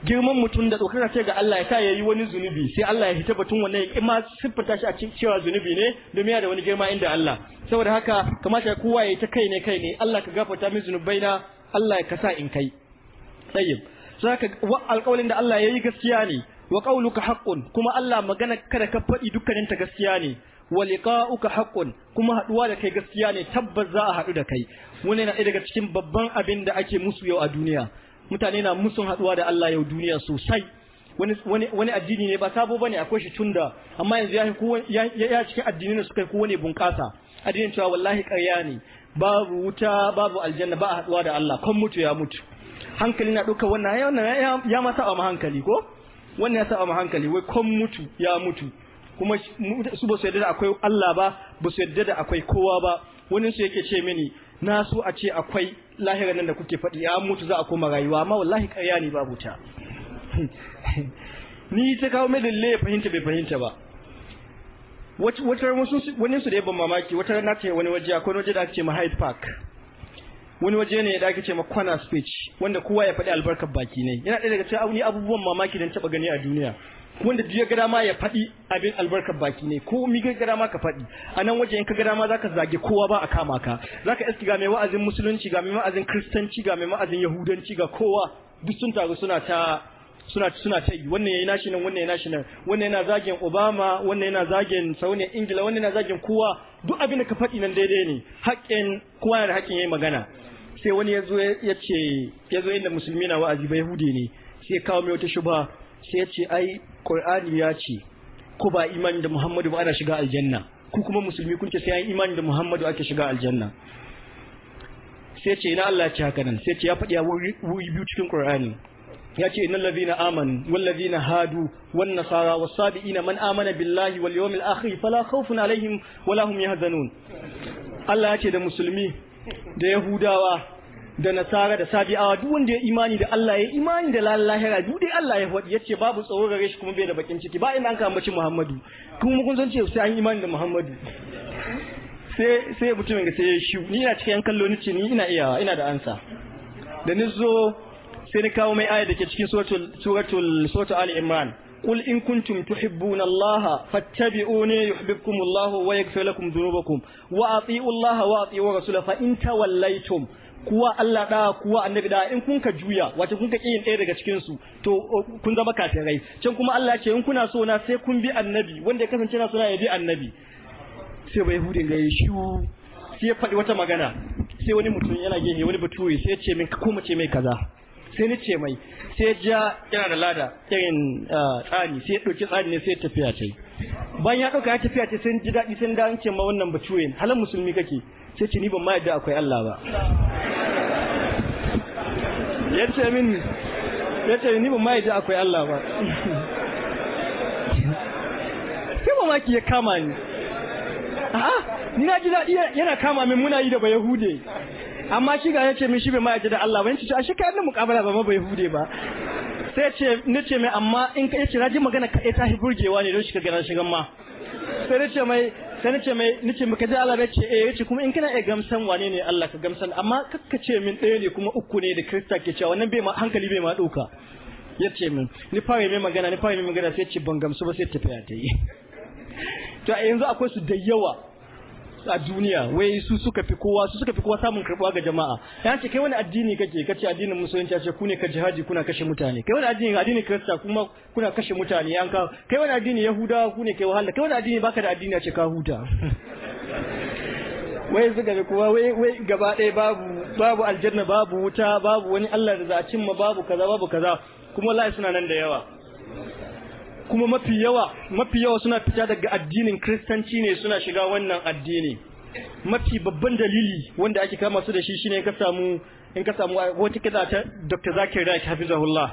girman mutum da tsokaka ce ga Allah ya sa yayi wani zunubi sai Allah ya hita batun wannan ya ma siffata shi a cewa zunubi ne domin ya da wani girma inda Allah saboda haka kamata kowa ya yi ta kai ne kai ne Allah ka gafarta min zunubaina Allah ya kasa in kai tayyib wa alƙawarin da Allah ya yi gaskiya ne wa qawluka haqqun kuma Allah magana kada ka faɗi dukkanin ta gaskiya ne wa liqa'uka haqqun kuma haɗuwa da kai gaskiya ne tabbas za a haɗu da kai wannan yana daga cikin babban abin da ake musu yau a duniya mutane na musun haduwa da Allah yau duniya sosai wani addini ne ba sabo bane akwai shi tunda amma yanzu ya cikin addinin da suka yi kowane bunƙasa addinin cewa wallahi ƙarya ne babu wuta babu aljanna ba a haduwa da Allah kon mutu ya mutu hankali na duka wannan ya wannan ya ma saba hankali ko wannan ya saba hankali wai kon mutu ya mutu kuma su ba su yarda da akwai Allah ba ba su yarda da akwai kowa ba wani su yake ce mini na so a ce akwai lahirar nan da kuke faɗi ya mutu za a koma rayuwa amma wallahi ƙarya ne babu ta ni ta kawo mai lalle ya fahimta bai fahimta ba wata wani su da yabban mamaki wata rana ta wani waje akwai waje da ake ma Hyde Park wani waje ne da ake ce ma Corner Speech wanda kowa ya faɗi albarkar baki ne yana ɗaya daga cikin abubuwan mamaki da taɓa gani a duniya wanda duk ya gada ma ya faɗi abin albarkar baki ne ko mi gada ma ka faɗi a nan waje in ka ga dama zaka zage kowa ba a kama ka zaka iski ga mai wa'azin musulunci ga mai wa'azin kristanci ga mai wa'azin yahudanci ga kowa duk sun taru suna ta suna suna ta yi wannan yayi nashi nan wannan yayi nashi nan wannan yana zagin Obama wannan yana zagin Sauniya Ingila wannan yana zagin kowa duk abin da ka faɗi nan daidai ne haƙƙin kowa da haƙƙin yayi magana sai wani ya zo ya ce ya zo inda musulmi na wa'azi ba yahudi ne sai ya kawo mai wata shubha sai ya ce ai Qur'ani ya ce ko ba imani da Muhammadu ba ana shiga aljanna ku kuma musulmi kun ce sai an imani da Muhammadu ake shiga aljanna sai ce ina Allah ya ce haka nan sai ce ya faɗi wuri biyu cikin Qur'ani ya ce innal ladina amanu wal ladina hadu wan nasara was man amana billahi wal yawmil akhir fala khawfun alaihim wala hum yahzanun Allah ya ce da musulmi da yahudawa da nasara da sabi'awa duk wanda ya imani da Allah ya imani da lahira duk dai Allah ya faɗi yace babu tsoro gare shi kuma bai da bakin ciki ba inda an kambaci Muhammadu kuma kun san cewa sai an imani da Muhammadu sai sai mutumin ga sai ya shi ni ina cikin kallo ni ce ni ina iyawa ina da ansa da ni zo sai ni kawo mai aya da ke cikin suratul suratul suratul Ali Imran قل إن كنتم تحبون الله فاتبعوني يحببكم الله ويغفر لكم ذنوبكم وأطيعوا الله وأطيعوا رسوله فإن توليتم kuwa Allah ɗaya kuwa annabi da in kun ka juya wato kun ka yin ɗaya daga cikin su to kun zama kafirai can kuma Allah ce in kuna so na sai kun bi annabi wanda ya kasance na so ya bi annabi sai bai hudu ga shi sai ya faɗi wata magana sai wani mutum yana gehe wani bature sai ya ce min ko mace mai kaza sai ni ce mai sai ja yana da lada irin ah, tsani sai ya ɗauki tsani ne sai ya tafiya ta yi bayan ya dauka ya tafi ya ce sun ji daɗi sun da ce ma wannan ba bacuwe halin musulmi kake sai ce ni ban ma yadda akwai Allah ba ya ce min ya ni ban ma yadda akwai Allah ba sai ki ya kama ni a'a ni na ji daɗi yana kama min muna yi da ba yahude amma shi ga yace min shi bai ma da Allah ba yace ashe kai annabi mukabala ba ma bai bude ba sai ce nace mai amma in ka yace naji magana ka ta hi burgewa ne don shi ka gana shigan ma sai nace mai sai nace mai nace maka ji Allah yace eh yace kuma in kana iya gamsan wane ne Allah ka gamsan amma kakka ce min ɗaya ne kuma uku ne da Kirista ke cewa wannan bai ma hankali bai ma ɗauka yace min ni fara mai magana ni fara mai magana sai ce ban gamsu ba sai tafiya ta yi to a yanzu akwai su da yawa a duniya wai su suka fi kowa su suka fi kowa samun karɓuwa ga jama'a ya ce kai wani addini kake kace addinin musulunci ce ku ne ka jihadi kuna kashe mutane kai wani addini addini kirista kuma kuna kashe mutane an ka kai wani addini yahudawa ku ne kai wahala kai wani addini baka da addini ce ka huta wai zuga fi kowa wai wai gaba ɗaya babu babu aljanna babu wuta babu wani Allah da za a cimma babu kaza babu kaza kuma wallahi suna nan da yawa kuma mafi yawa mafi yawa suna fita daga addinin kristanci ne suna shiga wannan addini mafi babban dalili wanda ake kama su da shi shine in ka samu in ka samu wata kaza ta Dr. Zakir Raik Hafizahullah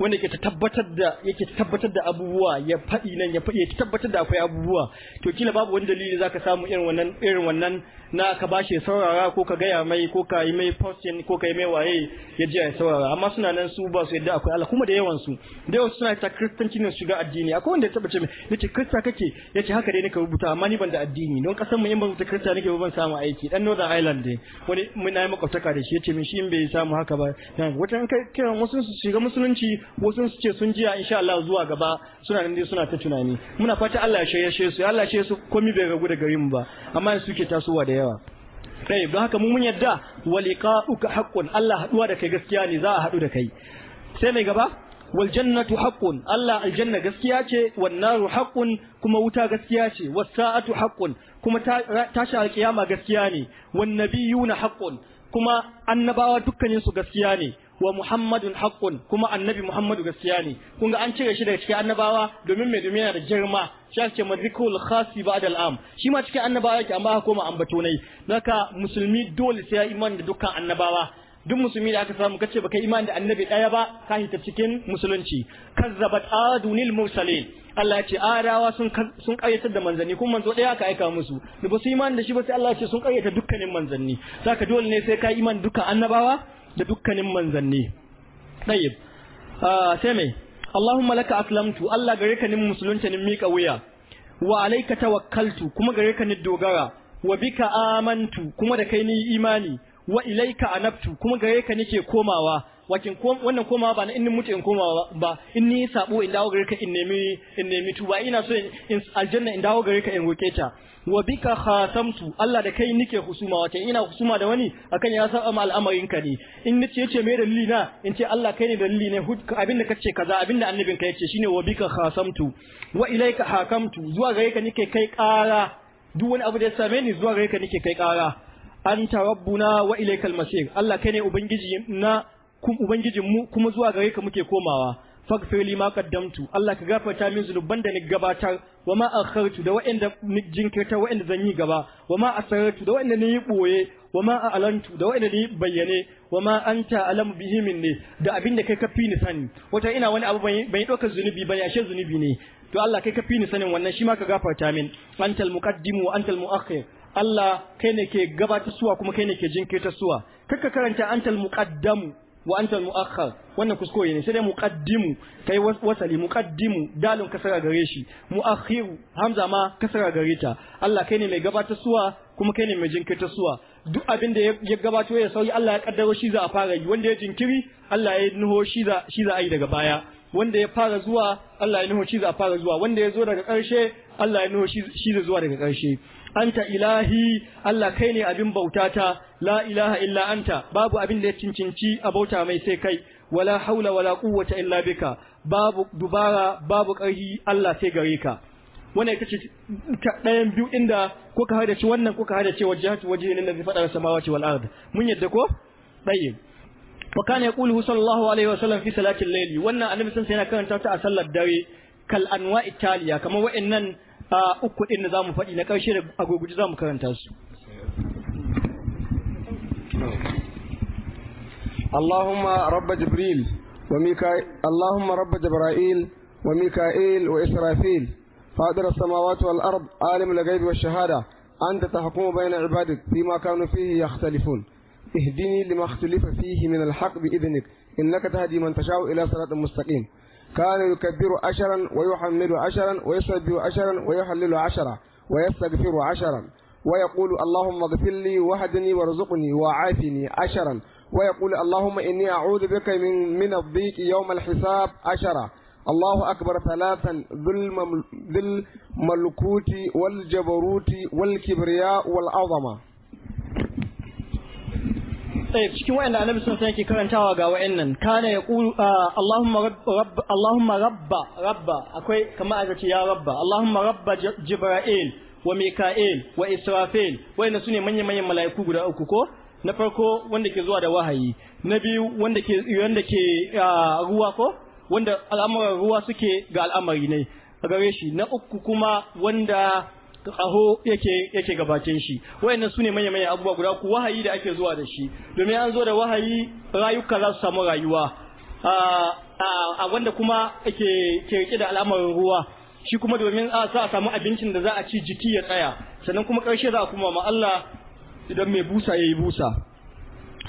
wanda yake tabbatar da yake tabbatar da abubuwa ya faɗi nan ya faɗi ya tabbatar da akwai abubuwa to kila babu wani dalili zaka samu irin wannan irin wannan na ka bashi saurara ko ka gaya mai ko ka yi mai posting ko ka yi mai waye ya ji ya saurara amma suna nan su ba su yadda akwai Allah kuma da yawan su da yawan suna ta kristanci ne shiga addini akwai wanda ya tabbace mai yace kristan kake yace haka dai nika rubuta amma ni ban da addini don kasan mu in ban rubuta kristan nake ban samu aiki dan Northern Ireland dai wani mun yi makwataka da shi yace min shi in bai samu haka ba wata kai kiran wasu su shiga musulunci wasu su ce sun jiya insha Allah zuwa gaba suna nan dai suna ta tunani muna fata Allah ya shirye su Allah ya su komai bai ragu daga mu ba amma suke tasowa da yawa Ɗaya eh, don haka mu mun yadda waliqa'uka haqqun Allah haduwa da kai gaskiya ne za a hadu da kai sai mai gaba wal jannatu haqqun Allah aljanna gaskiya ce wan naru haqqun kuma wuta gaskiya ce was sa'atu haqqun kuma tashi alkiyama gaskiya ne wan nabiyuna haqqun kuma annabawa dukkanin gaskiya ne wa muhammadun haƙƙun kuma annabi muhammadu gaskiya ne kun ga an cire shi daga cikin annabawa domin mai domin yana da girma shi ake madrikul khasi da al'am shi ma cikin annabawa yake amma haka ma ambato nai haka musulmi dole sai ya iman da dukkan annabawa duk musulmi da aka samu kace baka iman da annabi ɗaya ba ka hita cikin musulunci kazzabat adunil mursalin Allah ce arawa sun sun ƙayyatar da manzanni kuma manzo daya aka aika musu da ba su iman da shi ba sai Allah ce sun karyata dukkanin manzanni saka dole ne sai ka iman dukkan annabawa da dukkanin manzanni ɗayib ah, sai mai Allahumma laka aslamtu Allah gare ka nin musulunta nin miƙa wuya wa alaika ta tawakkaltu kuma gare ka nin dogara wa bika amantu kuma da kai ni imani wa ilaika anabtu kuma gare ka nike komawa wakin wannan komawa ba na in mutu in komawa ba in ni sabo in dawo gare ka in nemi in nemi tuba ina so in aljanna in dawo gare ka in roke ta wa bika khatamtu Allah da kai nike husuma wakin ina husuma da wani akan ya san ma al'amarin ka ne in ce yace me dalili na in ce Allah kai ne dalili ne abinda kace kaza abinda annabin ka yace shine wa bika khatamtu wa ilaika hakamtu zuwa gare ka nike kai kara duk wani abu da ya same ni zuwa gare ka nike kai kara anta rabbuna wa ilaikal masir Allah kai ne ubangiji na mu kuma zuwa gare ka muke komawa faghfir li ma qaddamtu Allah ka gafarta min zunuban da ni gabatar wa ma akhartu da wa'inda ni jinkirta wa'inda zan yi gaba wa ma asarartu da wa'inda ni boye wa ma a'lantu da wa'inda ni bayyane wa ma anta alamu bihi minni da abin da kai ka fi ni sani wata ina wani abu bai ɗaukar zunubi ba yashe zunubi ne to Allah kai ka fi ni sanin wannan shi ma ka gafarta min antal muqaddimu wa antal muakhir Allah kai ne ke gabatar suwa kuma kai ne ke jinkirta suwa kakka karanta antal muqaddamu wa antal muakhkhar wannan kuskure ne sai dai muqaddimu kai wasali muqaddimu dalun kasara gare shi muakhiru hamza ma kasara gare ta Allah kai ne mai gabatar suwa kuma kai ne mai jinkirta suwa duk abin da ya gabato ya sauri Allah ya kaddaro shi za a fara yi wanda ya jinkiri Allah ya nuho shi za shi za a yi daga baya wanda ya fara zuwa Allah ya nuho shi za a fara zuwa wanda ya zo daga ƙarshe Allah ya nuho shi za zuwa daga ƙarshe anta ilahi Allah kai ne abin bautata la ilaha illa anta babu abin da ya cincinci a bauta mai sai kai wala haula wala quwwata illa bika babu dubara babu ƙarfi Allah sai gare ka wannan ita ce ɗayan biyu inda ko ka hada shi wannan ko ka hada ce wajhatu wajhi lil ladzi fatara samawati wal ard mun yadda ko tayyib wa kana yaqulu sallallahu alaihi wasallam fi salatil layli wannan annabi sun sai yana karanta ta a sallar dare kal anwa Italiya kamar wa'annan a uku din da zamu faɗi na ƙarshe da zamu karanta su اللهم رب جبريل وميكائيل اللهم رب جبرائيل وميكائيل وإسرافيل فاطر السماوات والأرض عالم الغيب والشهادة أنت تحكم بين عبادك فيما كانوا فيه يختلفون اهدني لما اختلف فيه من الحق بإذنك إنك تهدي من تشاء إلى صراط مستقيم كان يكبر عشرا ويحمل عشرا ويسجد عشرا ويحلل عشرا ويستغفر عشرا ويقول اللهم اغفر لي وهدني وارزقني وعافني عشرا ويقول اللهم إني أعوذ بك من, من الضيق يوم الحساب عشرا الله أكبر ثلاثا ذو الملكوت والجبروت والكبرياء والعظمة tsaye cikin wayanda annabi sun san yake karantawa ga ka na ya qulu ah, Allahumma rabb Allahumma rabba rabba akwai kama aka ce ya rabba Allahumma rabba Jibril wa Mika'il wa Israfil su ne manyan manyan mala'iku guda uku ko na farko wanda ke zuwa da wahayi na biyu wanda ke ah, ruwa ko wanda al'amuran ruwa suke ga al'amari ne gare shi na uku kuma wanda aho yake yake gabatin shi wayannan sune manyan manyan abubuwa guda ku wahayi da ake zuwa da shi domin an zo da wahayi rayuka za su samu rayuwa a wanda kuma ke rike da al'amarin ruwa shi kuma domin a sa a samu abincin da za a ci jiki ya tsaya sannan kuma karshe za a kuma ma Allah idan mai busa yayi busa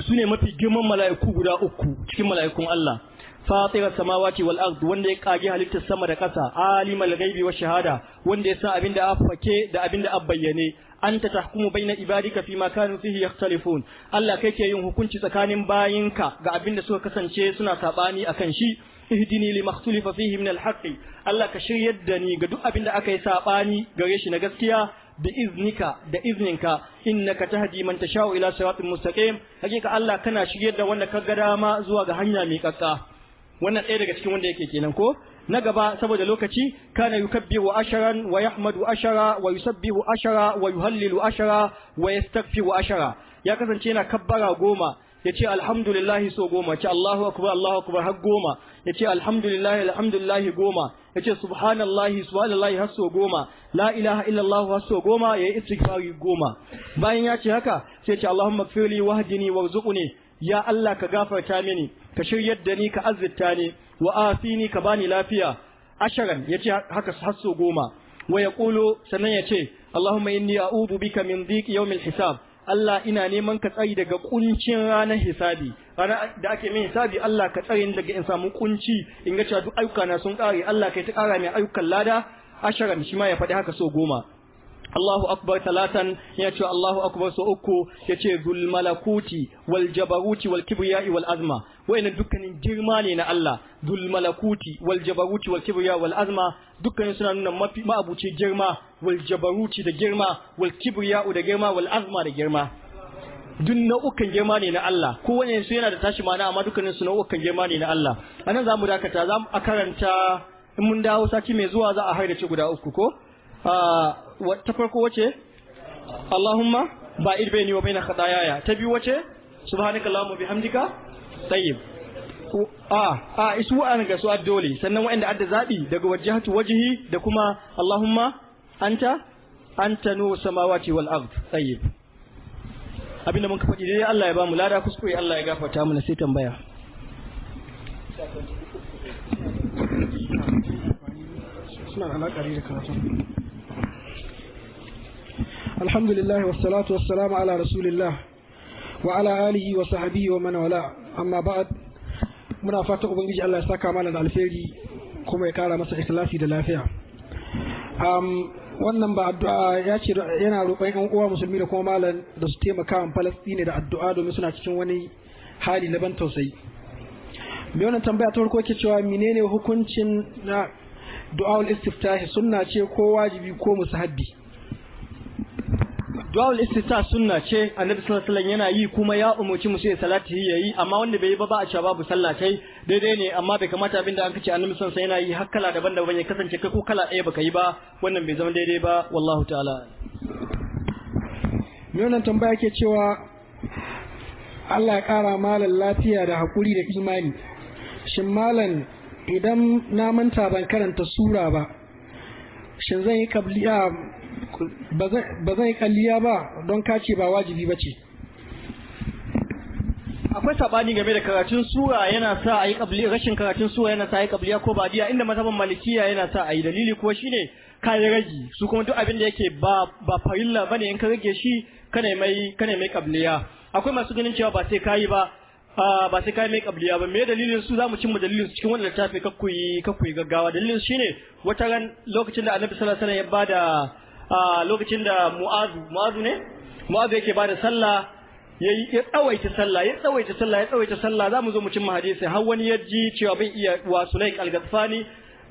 sune mafi girman mala'iku guda uku cikin mala'ikun Allah fatir samawati wal ard wanda ya kage halittar sama da ƙasa alimul ghaibi wa shahada wanda ya san abin da afake da abin da bayyane anta tahkumu baina ibadika fima kanu fihi yakhtalifun Allah kai ke yin hukunci tsakanin bayinka ga abin da suka kasance suna sabani akan shi ihdini lima ikhtalifa fihi min al Allah ka shiryar da ni ga duk abin da aka yi sabani gare shi na gaskiya bi iznika da izninka innaka tahdi man tasha'u ila siratin mustaqim hakika Allah kana shiryar da wanda ka ga dama zuwa ga hanya mai kakka wannan ɗaya daga cikin wanda yake kenan ko na gaba saboda lokaci kana yukabbiru asharan wa yahmadu ashara wa yusabbihu ashara wa yuhallilu ashara wa yastaghfiru ashara ya kasance yana kabbara goma yace alhamdulillah so goma ce Allahu akbar Allahu akbar har goma yace alhamdulillah alhamdulillah goma yace subhanallahi subhanallahi har so goma la ilaha illallah har so goma yayi istighfari goma bayan ya ce haka sai ce Allahumma ighfirli wahdini warzuqni ya Allah ka gafarta mini ka shiryar da ni ka azzita ni wa afini ka bani lafiya asharan yace haka har so goma wa yaqulu sannan yace Allahumma inni a'udhu bika min dhiqi yawmil hisab Allah ina neman ka tsari daga kuncin ranar hisabi ranar da ake min hisabi Allah ka tsare daga in samu kunci in ga cewa duk ayyuka na sun kare Allah kai ta kara mai ayyukan lada asharan shi ma ya faɗi haka so goma Allahu akbar talatan ya ce Allahu akbar so uku ya ce zul malakuti wal jabaruti wal kibriya'i wal azma wayannan dukkanin girma ne na Allah zul malakuti wal jabaruti wal kibriya wal azma dukkanin suna nuna mafi ma'abuci girma wal jabaruti da girma wal kibriya'u da girma wal azma da girma duk nau'ukan girma ne na Allah kowanne wani su yana da tashi ma'ana amma dukkanin su nau'ukan girma ne na Allah anan zamu dakata zamu a karanta in mun dawo sati mai zuwa za a haida ci guda uku ko ah, ta farko wace Allahumma ba ba'id baini wa baina yaya. ta biyu wace subhanakallahumma bihamdika tayyib a a isu an ga su addoli sannan wa'anda adda zaɓi daga wajhatu wajihi da kuma Allahumma anta anta nu samawati wal ard tayyib abinda mun faɗi dai Allah ya ba mu lada kuskure Allah ya gafarta mana sai tambaya suna da alaƙari da karatun alhamdulillah wassalatu wassalamu ala rasulillah wa ala alihi wa sahbihi wa man wala amma ba'd muna fata ubangiji Allah ya saka mana da alheri kuma ya kara masa ikhlasi da lafiya um, wannan ba addu'a ya ce yana roƙon yan uwa musulmi da kuma malam da su taimaka wa Falastini da addu'a domin suna cikin wani hali na ban tausayi me wannan tambaya ta farko ke cewa ne hukuncin na du'aul istiftahi sunna ce ko wajibi ko musahabbi du'aul istita sunna ce annabi sallallahu alaihi yana yi kuma ya umarci musu sai salati yayi amma wanda bai yi ba ba a cewa babu sallah kai daidai ne amma bai kamata abinda an kace annabi sallallahu alaihi yana yi har kala daban-daban ya kasance kai ko kala ɗaya baka yi ba wannan bai zama daidai ba wallahu ta'ala me wannan tambaya ke cewa Allah ya kara malan lafiya da hakuri da imani shin malan idan na manta ban karanta sura ba shin zan yi kabliya ah, ba zai kalliya ba don kace ba wajibi ba ce akwai sabani game da karatun sura yana sa a yi kabliya rashin karatun sura yana sa a yi kabliya ko badiya inda mazhaban malikiya yana sa a yi dalili kuwa shine ka ragi su kuma duk abin da yake ba ba farilla bane in ka rage shi kana mai kana mai kabliya akwai masu ganin cewa ba sai kayi ba ba sai kayi mai kabliya ba me dalilin su zamu cin mu dalilin su cikin wannan littafi kakkuyi kakkuyi gaggawa dalilin shine wata ran lokacin da Annabi sallallahu alaihi wasallam ya bada a lokacin da mu'azu mu'azu ne mu'azu yake bada sallah ya tsawaita sallah ya tsawaita sallah ya tsawaita sallah za mu zo mu cimma hadisi har wani ya ji cewa bai iya wa Sulaik al-Ghaffani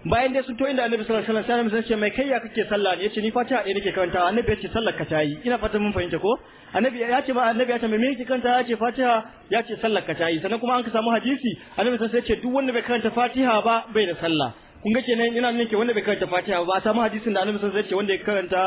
bayan dai sun to inda Annabi sallallahu alaihi wasallam sai ce mai kai ya kake sallah ne yace ni fata ɗaya nake karanta Annabi ya ce sallar ka tayi ina fatan mun fahimta ko Annabi ya ce ma Annabi ya ce me miki karanta ya ce Fatiha ya ce sallar ka tayi sannan kuma an ka samu hadisi Annabi sai ya ce duk wanda bai karanta Fatiha ba bai da sallah kun ga kenan ina nuna ke wanda bai karanta Fatiha ba ta hadisin da Annabi sallallahu alaihi wasallam wanda ya karanta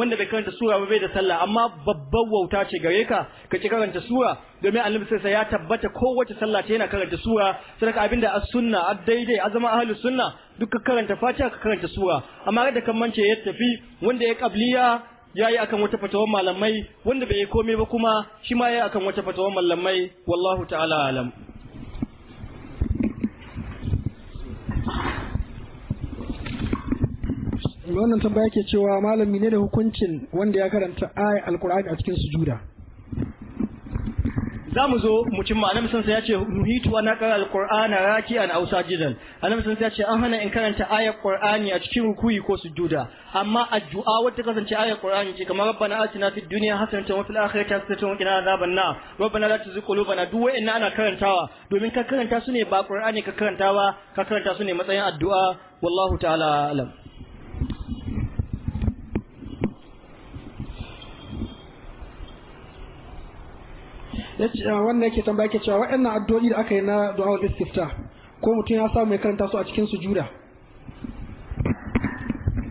wanda bai karanta sura ba bai da sallah amma babban wauta ce gare ka ka ci karanta sura domin Annabi sallallahu ya tabbata kowace sallah ta yana karanta sura sai ka abinda as-sunna ad-daidai azama ahli sunna duk ka karanta Fatiha ka karanta sura amma da kan mance ya tafi wanda ya qabliya ya yi akan wata fatawar malamai wanda bai yi komai ba kuma shi ma ya yi akan wata fatawar malamai wallahu ta'ala alam wannan tambaya ke cewa malami ne da hukuncin wanda ya karanta ayat alkur'ani a cikin sujuda za mu zo mu cimma annabi sun ya ce nuhitu ana qara alqur'ana raki'an aw sajidan annabi sun ya ce an hana in karanta ayar qur'ani a cikin rukuyi ko sujuda amma addu'a wata kasance ayar qur'ani ce kamar rabbana atina fid dunya hasanatan wa fil akhirati hasanatan wa qina adhaban nar rabbana la tuzigh qulubana duk wa'annan ana karantawa domin ka karanta su ne ba qur'ani ka karantawa ka karanta su ne matsayin addu'a wallahu ta'ala alam Ah, wannan yake tambaya yake cewa waɗannan addu'o'i da aka yi na du'a'ul istifta ko mutum ya samu mai karanta su a cikin sujuda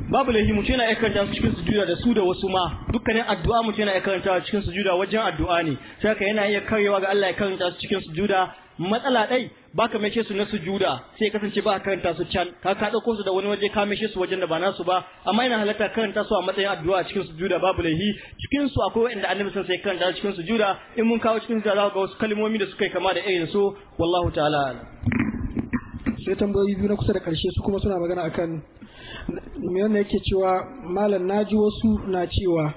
babu laifi mutum yana iya karanta su cikin sujuda da su da wasu ma dukkanin addu'a mutum yana iya karanta cikin sujuda wajen addu'a ne sai ka yana iya karyewa ga Allah ya karanta su cikin sujuda matsala ba ka maishe su na sujuda sai kasance ba karanta su can ka ka ɗauko su da wani waje ka maishe su wajen da ba nasu ba amma ina halatta karanta su a matsayin addu'a cikin sujuda babu laifi cikin su akwai wanda annabi sun sai karanta cikin sujuda in mun kawo cikin sujuda za ga wasu kalmomi da suka yi kama da irin su wallahu ta'ala sai tambayoyi biyu na kusa da karshe su kuma suna magana akan me wanda yake cewa malam naji wasu na cewa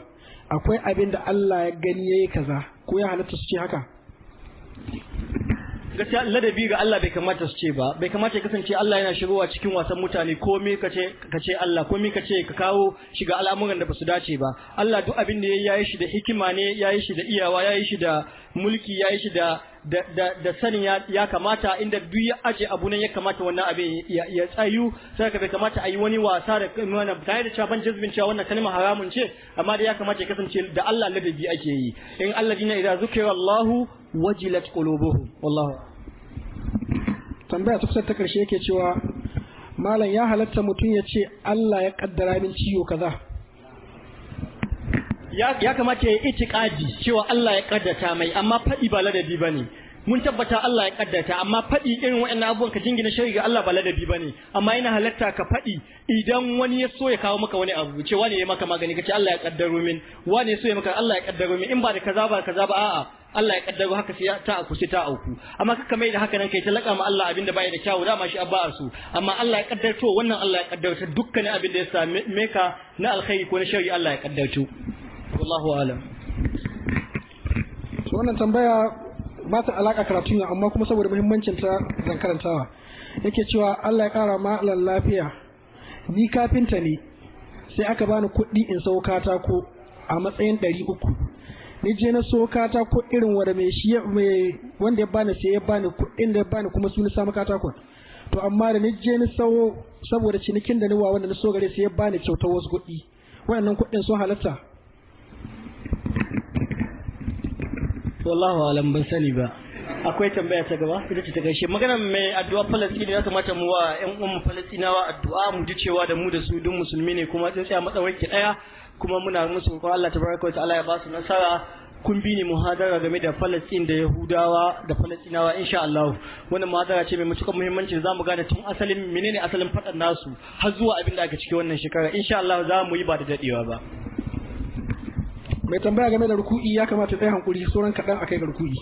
akwai abin da Allah ya gani ya yi kaza ko ya halatta su ce haka gaskiya ladabi ga Allah bai kamata su ce ba bai kamata ya kasance Allah yana shigowa cikin wasan mutane komai kace kace Allah komai kace ka kawo shiga al'amuran da basu dace ba Allah duk abin da ya yayi shi da hikima ne yayi shi da iyawa yayi shi da mulki yayi shi da da sanin ya kamata inda duk ya aje abu nan ya kamata wannan abin ya tsayu sai ka bai kamata a yi wani wasa da mana tare da caban ban jazbin cewa wannan kalma haramun ce amma da ya kamata ya kasance da Allah ladabi ake yi in Allah dina idza zukira Allahu wajilat qulubuhum wallahu tambaya ta kusa ta karshe yake cewa malam ya halatta mutum ya ce Allah ya kaddara min ciwo kaza ya kamata ya yi itikadi cewa Allah ya kaddata mai amma faɗi ba ladabi ba ne mun tabbata Allah ya kaddata amma faɗi irin waɗannan abubuwan ka jingina shari'a ga Allah ba ladabi ba ne amma yana halatta ka faɗi idan wani ya so ya kawo maka wani abu ce wani ya maka magani ka ce Allah ya kaddaro min wani ya so ya maka Allah ya kaddaro min in ba da kaza ba kaza ba a'a Allah ya kaddaro haka sai ta aku sai ta auku amma kaka mai da haka nan kai talaka ma Allah abinda bai da kyawu dama shi abba su amma Allah ya kaddarto wannan Allah ya kaddarta dukkanin abin da ya same ka na alkhairi ko na shari'a Allah ya kaddarto wallahu alam wannan tambaya ba ta alaƙa karatu ne amma kuma saboda muhimmancin ta zan karantawa yake cewa Allah ya ƙara ma lafiya ni kafinta ne sai aka bani kuɗi in sau katako a matsayin ɗari uku ni je na sau katako irin wanda mai shi mai wanda ya bani sai ya bani kuɗin da ya bani kuma su ni samu katakon to amma da ni je ni sau saboda cinikin da ni wa wanda na so gare sai ya bani kyautar wasu kuɗi wayannan kuɗin sun halatta wallahu alam ban sani ba akwai tambaya ta gaba ita ce ta gaishe magana mai addu'a falastini ya kamata mu wa ƴan uwan falastinawa addu'a mu ji cewa da mu da su duk musulmi ne kuma sun tsaya matsawar ki daya kuma muna musu ko Allah tabaraka wa ta'ala ya ba su nasara kun bi ne muhadara game da Falastin da Yahudawa da Falastinawa insha Allah wannan muhadara ce mai matukar muhimmanci za mu gane tun asalin menene asalin fadan nasu har zuwa abin da aka ciki wannan shekara insha Allah za mu yi ba da dadewa ba mai tambaya game da ruku'i ya kamata tsaye hankuri sauran kaɗan a kai ga ruku'i